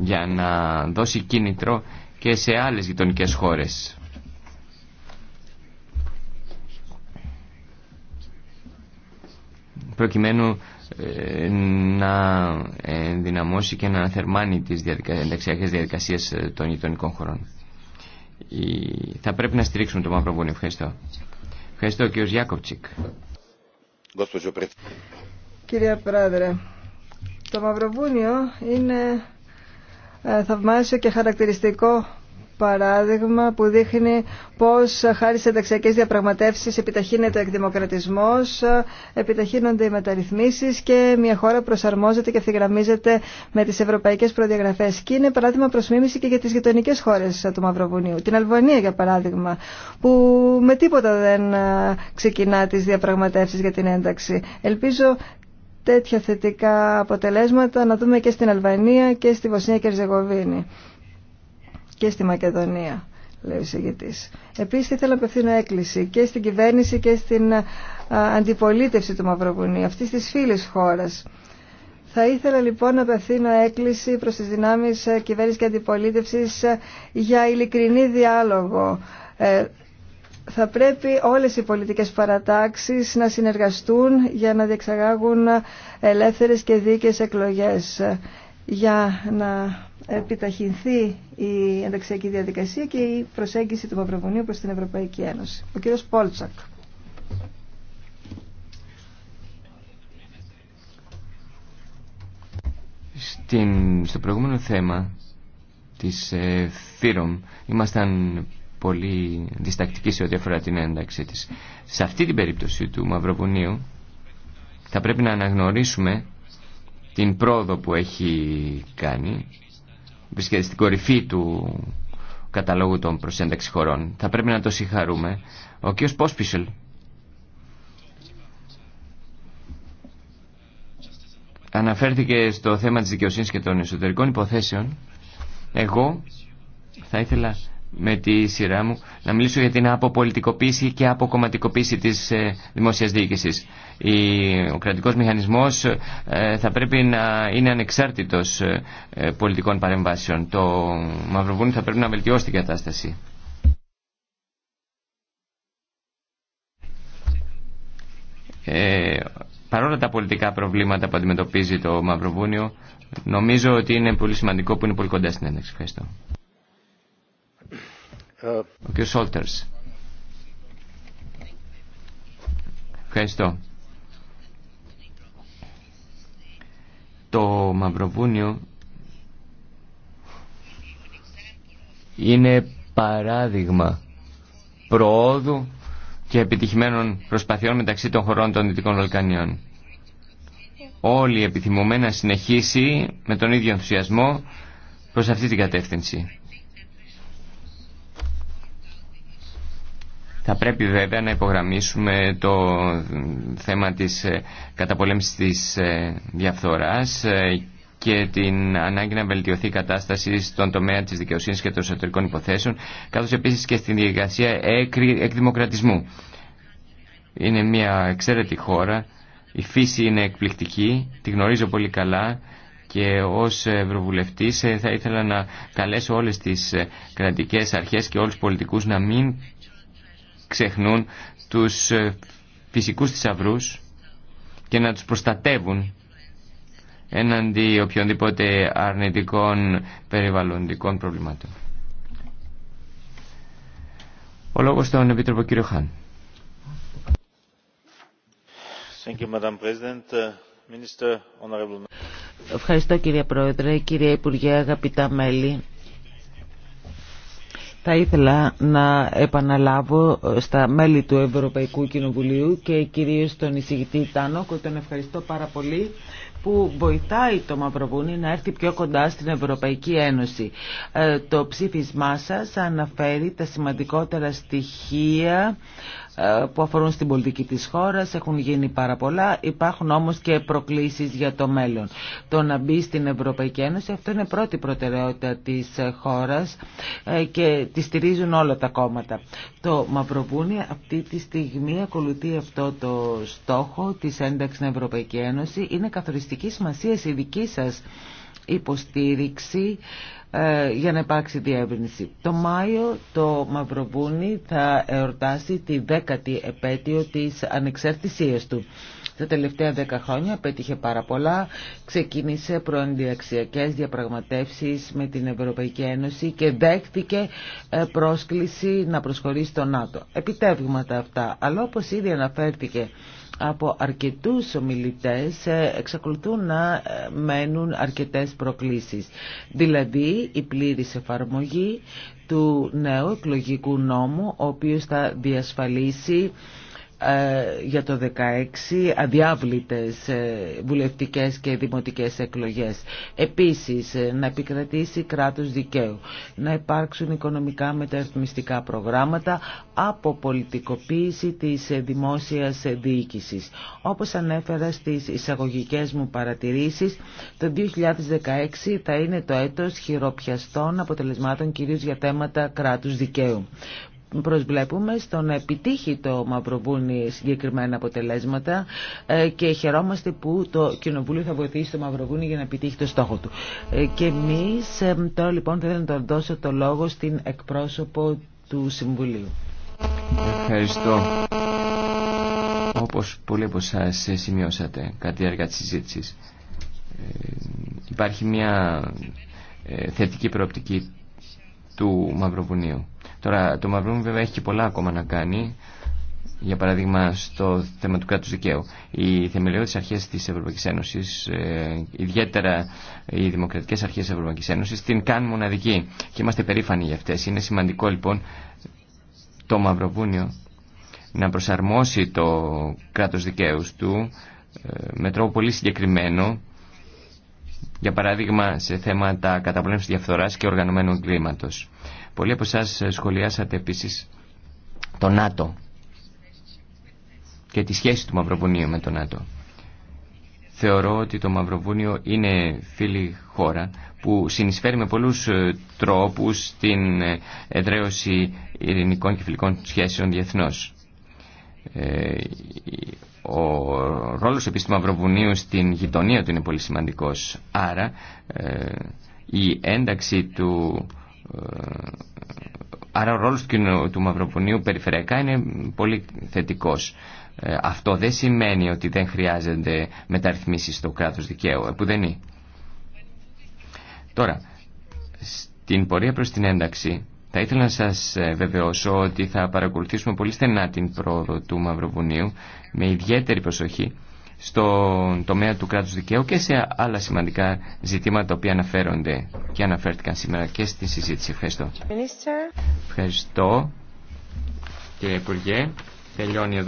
για να δώσει κίνητρο και σε άλλες γειτονικέ χώρες. προκειμένου ε, να ενδυναμώσει και να αναθερμάνει τις ενταξιακές διαδικασίες ε, των γειτονικών χωρών. Θα πρέπει να στηρίξουμε το Μαυροβούνιο. Ευχαριστώ. Ευχαριστώ κύριο Γιάκοβτσικ. Κύριε Πρόεδρε, το Μαυροβούνιο είναι ε, θαυμάσιο και χαρακτηριστικό παράδειγμα που δείχνει πώς ε, χάρη σε ενταξιακές διαπραγματεύσεις επιταχύνεται ο εκδημοκρατισμός, ε, επιταχύνονται οι μεταρρυθμίσεις και μια χώρα προσαρμόζεται και ευθυγραμμίζεται με τις ευρωπαϊκές προδιαγραφές. Και είναι παράδειγμα προς και για τις γειτονικές χώρες του Μαυροβουνίου. Την Αλβανία για παράδειγμα, που με τίποτα δεν ξεκινά τις διαπραγματεύσεις για την ένταξη. Ελπίζω τέτοια θετικά αποτελέσματα να δούμε και στην Αλβανία και στη Βοσνία και Ριζεγοβίνη και στη Μακεδονία, λέει ο εισηγητής. Επίσης ήθελα να απευθύνω έκκληση και στην κυβέρνηση και στην αντιπολίτευση του Μαυροβουνίου, αυτή της φίλης χώρας. Θα ήθελα λοιπόν να απευθύνω έκκληση προς τις δυνάμεις ε, κυβέρνησης και αντιπολίτευσης ε, για ειλικρινή διάλογο ε, θα πρέπει όλες οι πολιτικές παρατάξεις να συνεργαστούν για να διεξαγάγουν ελεύθερες και δίκαιες εκλογές για να επιταχυνθεί η ενταξιακή διαδικασία και η προσέγγιση του Μαυροβουνίου προς την Ευρωπαϊκή Ένωση. Ο κύριος Πόλτσακ. Στην, στο προηγούμενο θέμα της ε, ήμασταν πολύ διστακτική σε ό,τι αφορά την ένταξή της. Σε αυτή την περίπτωση του Μαυροβουνίου θα πρέπει να αναγνωρίσουμε την πρόοδο που έχει κάνει βρίσκεται στην κορυφή του καταλόγου των προσένταξη χωρών. Θα πρέπει να το συγχαρούμε. Ο κ. Πόσπισελ αναφέρθηκε στο θέμα της δικαιοσύνης και των εσωτερικών υποθέσεων. Εγώ θα ήθελα με τη σειρά μου να μιλήσω για την αποπολιτικοποίηση και αποκομματικοποίηση της ε, δημόσιας διοίκησης. ο κρατικός μηχανισμός ε, θα πρέπει να είναι ανεξάρτητος ε, ε, πολιτικών παρεμβάσεων. Το Μαυροβούνιο θα πρέπει να βελτιώσει την κατάσταση. Ε, παρόλα τα πολιτικά προβλήματα που αντιμετωπίζει το Μαυροβούνιο, νομίζω ότι είναι πολύ σημαντικό που είναι πολύ κοντά στην ένταξη. Ευχαριστώ. Ο Σόλτερς. Ευχαριστώ. Το Μαυροβούνιο είναι παράδειγμα προόδου και επιτυχημένων προσπαθειών μεταξύ των χωρών των Δυτικών Βαλκανίων. Όλοι επιθυμούμε να συνεχίσει με τον ίδιο ενθουσιασμό προς αυτή την κατεύθυνση. Θα πρέπει βέβαια να υπογραμμίσουμε το θέμα της ε, καταπολέμησης της ε, διαφθοράς ε, και την ανάγκη να βελτιωθεί η κατάσταση στον τομέα της δικαιοσύνης και των εσωτερικών υποθέσεων, καθώς επίσης και στην διαδικασία εκδημοκρατισμού. Είναι μια εξαίρετη χώρα, η φύση είναι εκπληκτική, τη γνωρίζω πολύ καλά και ως Ευρωβουλευτής θα ήθελα να καλέσω όλες τις κρατικές αρχές και όλους τους πολιτικούς να μην ξεχνούν τους ε, φυσικούς θησαυρού και να τους προστατεύουν έναντι οποιονδήποτε αρνητικών περιβαλλοντικών προβλημάτων. Ο λόγος στον Επίτροπο κύριο Χάν. Uh, Ευχαριστώ κύριε Πρόεδρε, κύριε Υπουργέ, αγαπητά μέλη. Θα ήθελα να επαναλάβω στα μέλη του Ευρωπαϊκού Κοινοβουλίου και κυρίως τον εισηγητή που τον ευχαριστώ πάρα πολύ που βοηθάει το Μαυροβούνι να έρθει πιο κοντά στην Ευρωπαϊκή Ένωση. Ε, το ψήφισμά σας αναφέρει τα σημαντικότερα στοιχεία ε, που αφορούν στην πολιτική της χώρας, έχουν γίνει πάρα πολλά, υπάρχουν όμως και προκλήσεις για το μέλλον. Το να μπει στην Ευρωπαϊκή Ένωση, αυτό είναι πρώτη προτεραιότητα της ε, χώρας ε, και τη στηρίζουν όλα τα κόμματα. Το Μαυροβούνι αυτή τη στιγμή ακολουθεί αυτό το στόχο της ένταξης στην Ευρωπαϊκή Ένωση. Είναι καθοριστική σημασία η δική σας υποστήριξη ε, για να υπάρξει διεύρυνση. Το Μάιο το Μαυροβούνι θα εορτάσει τη δέκατη επέτειο της ανεξαρτησίας του. Τα τελευταία δέκα χρόνια πέτυχε πάρα πολλά. Ξεκίνησε προενδιαξιακές διαπραγματεύσεις με την Ευρωπαϊκή Ένωση και δέχτηκε ε, πρόσκληση να προσχωρήσει στο ΝΑΤΟ. Επιτεύγματα αυτά. Αλλά όπως ήδη αναφέρθηκε από αρκετούς ομιλητές ε, εξακολουθούν να ε, μένουν αρκετές προκλήσεις. Δηλαδή η πλήρης εφαρμογή του νέου εκλογικού νόμου, ο οποίος θα διασφαλίσει ε, για το 2016 αδιάβλητες ε, βουλευτικές και δημοτικές εκλογές. Επίσης, ε, να επικρατήσει κράτος δικαίου, να υπάρξουν οικονομικά μεταρρυθμιστικά προγράμματα από πολιτικοποίηση της δημόσιας διοίκησης. Όπως ανέφερα στις εισαγωγικές μου παρατηρήσεις, το 2016 θα είναι το έτος χειροπιαστών αποτελεσμάτων κυρίως για θέματα κράτους δικαίου προσβλέπουμε στο να επιτύχει το Μαυροβούνι συγκεκριμένα αποτελέσματα ε, και χαιρόμαστε που το Κοινοβούλιο θα βοηθήσει το Μαυροβούνι για να επιτύχει το στόχο του. Ε, και εμείς ε, τώρα λοιπόν θα ήθελα να τον δώσω το λόγο στην εκπρόσωπο του Συμβουλίου. Ευχαριστώ. Όπως πολλοί από σας σημειώσατε κατά τη διάρκεια της συζήτησης, υπάρχει μια θετική προοπτική του Μαυροβουνίου. Τώρα, το Μαυρούμι βέβαια έχει και πολλά ακόμα να κάνει, για παράδειγμα στο θέμα του κράτους δικαίου. Οι θεμελιώδεις αρχές της Ευρωπαϊκής Ένωσης, ε, ιδιαίτερα οι δημοκρατικές αρχές της Ευρωπαϊκής Ένωσης, την κάνουν μοναδική και είμαστε περήφανοι για αυτές. Είναι σημαντικό λοιπόν το Μαυροβούνιο να προσαρμόσει το κράτος δικαίου του ε, με τρόπο πολύ συγκεκριμένο για παράδειγμα σε θέματα καταπολέμησης διαφθοράς και οργανωμένου εγκλήματος. Πολλοί από εσά σχολιάσατε επίση το ΝΑΤΟ και τη σχέση του Μαυροβουνίου με το ΝΑΤΟ. Θεωρώ ότι το Μαυροβούνιο είναι φίλη χώρα που συνεισφέρει με πολλούς ε, τρόπους στην ε, εδραίωση ειρηνικών και φιλικών σχέσεων διεθνώς. Ε, ο ρόλος επίσης του Μαυροβουνίου στην γειτονία του είναι πολύ σημαντικός. Άρα η ένταξη του ε, άρα ο ρόλος του, του περιφερειακά είναι πολύ θετικός. Ε, αυτό δεν σημαίνει ότι δεν χρειάζεται μεταρρυθμίσεις στο κράτος δικαίου, ε, που δεν είναι. Τώρα, στην πορεία προς την ένταξη, θα ήθελα να σας βεβαιώσω ότι θα παρακολουθήσουμε πολύ στενά την πρόοδο του Μαυροβουνίου με ιδιαίτερη προσοχή στον τομέα του κράτους δικαίου και σε άλλα σημαντικά ζητήματα που αναφέρονται και αναφέρθηκαν σήμερα και στη συζήτηση. Ευχαριστώ. Ευχαριστώ κύριε Υπουργέ.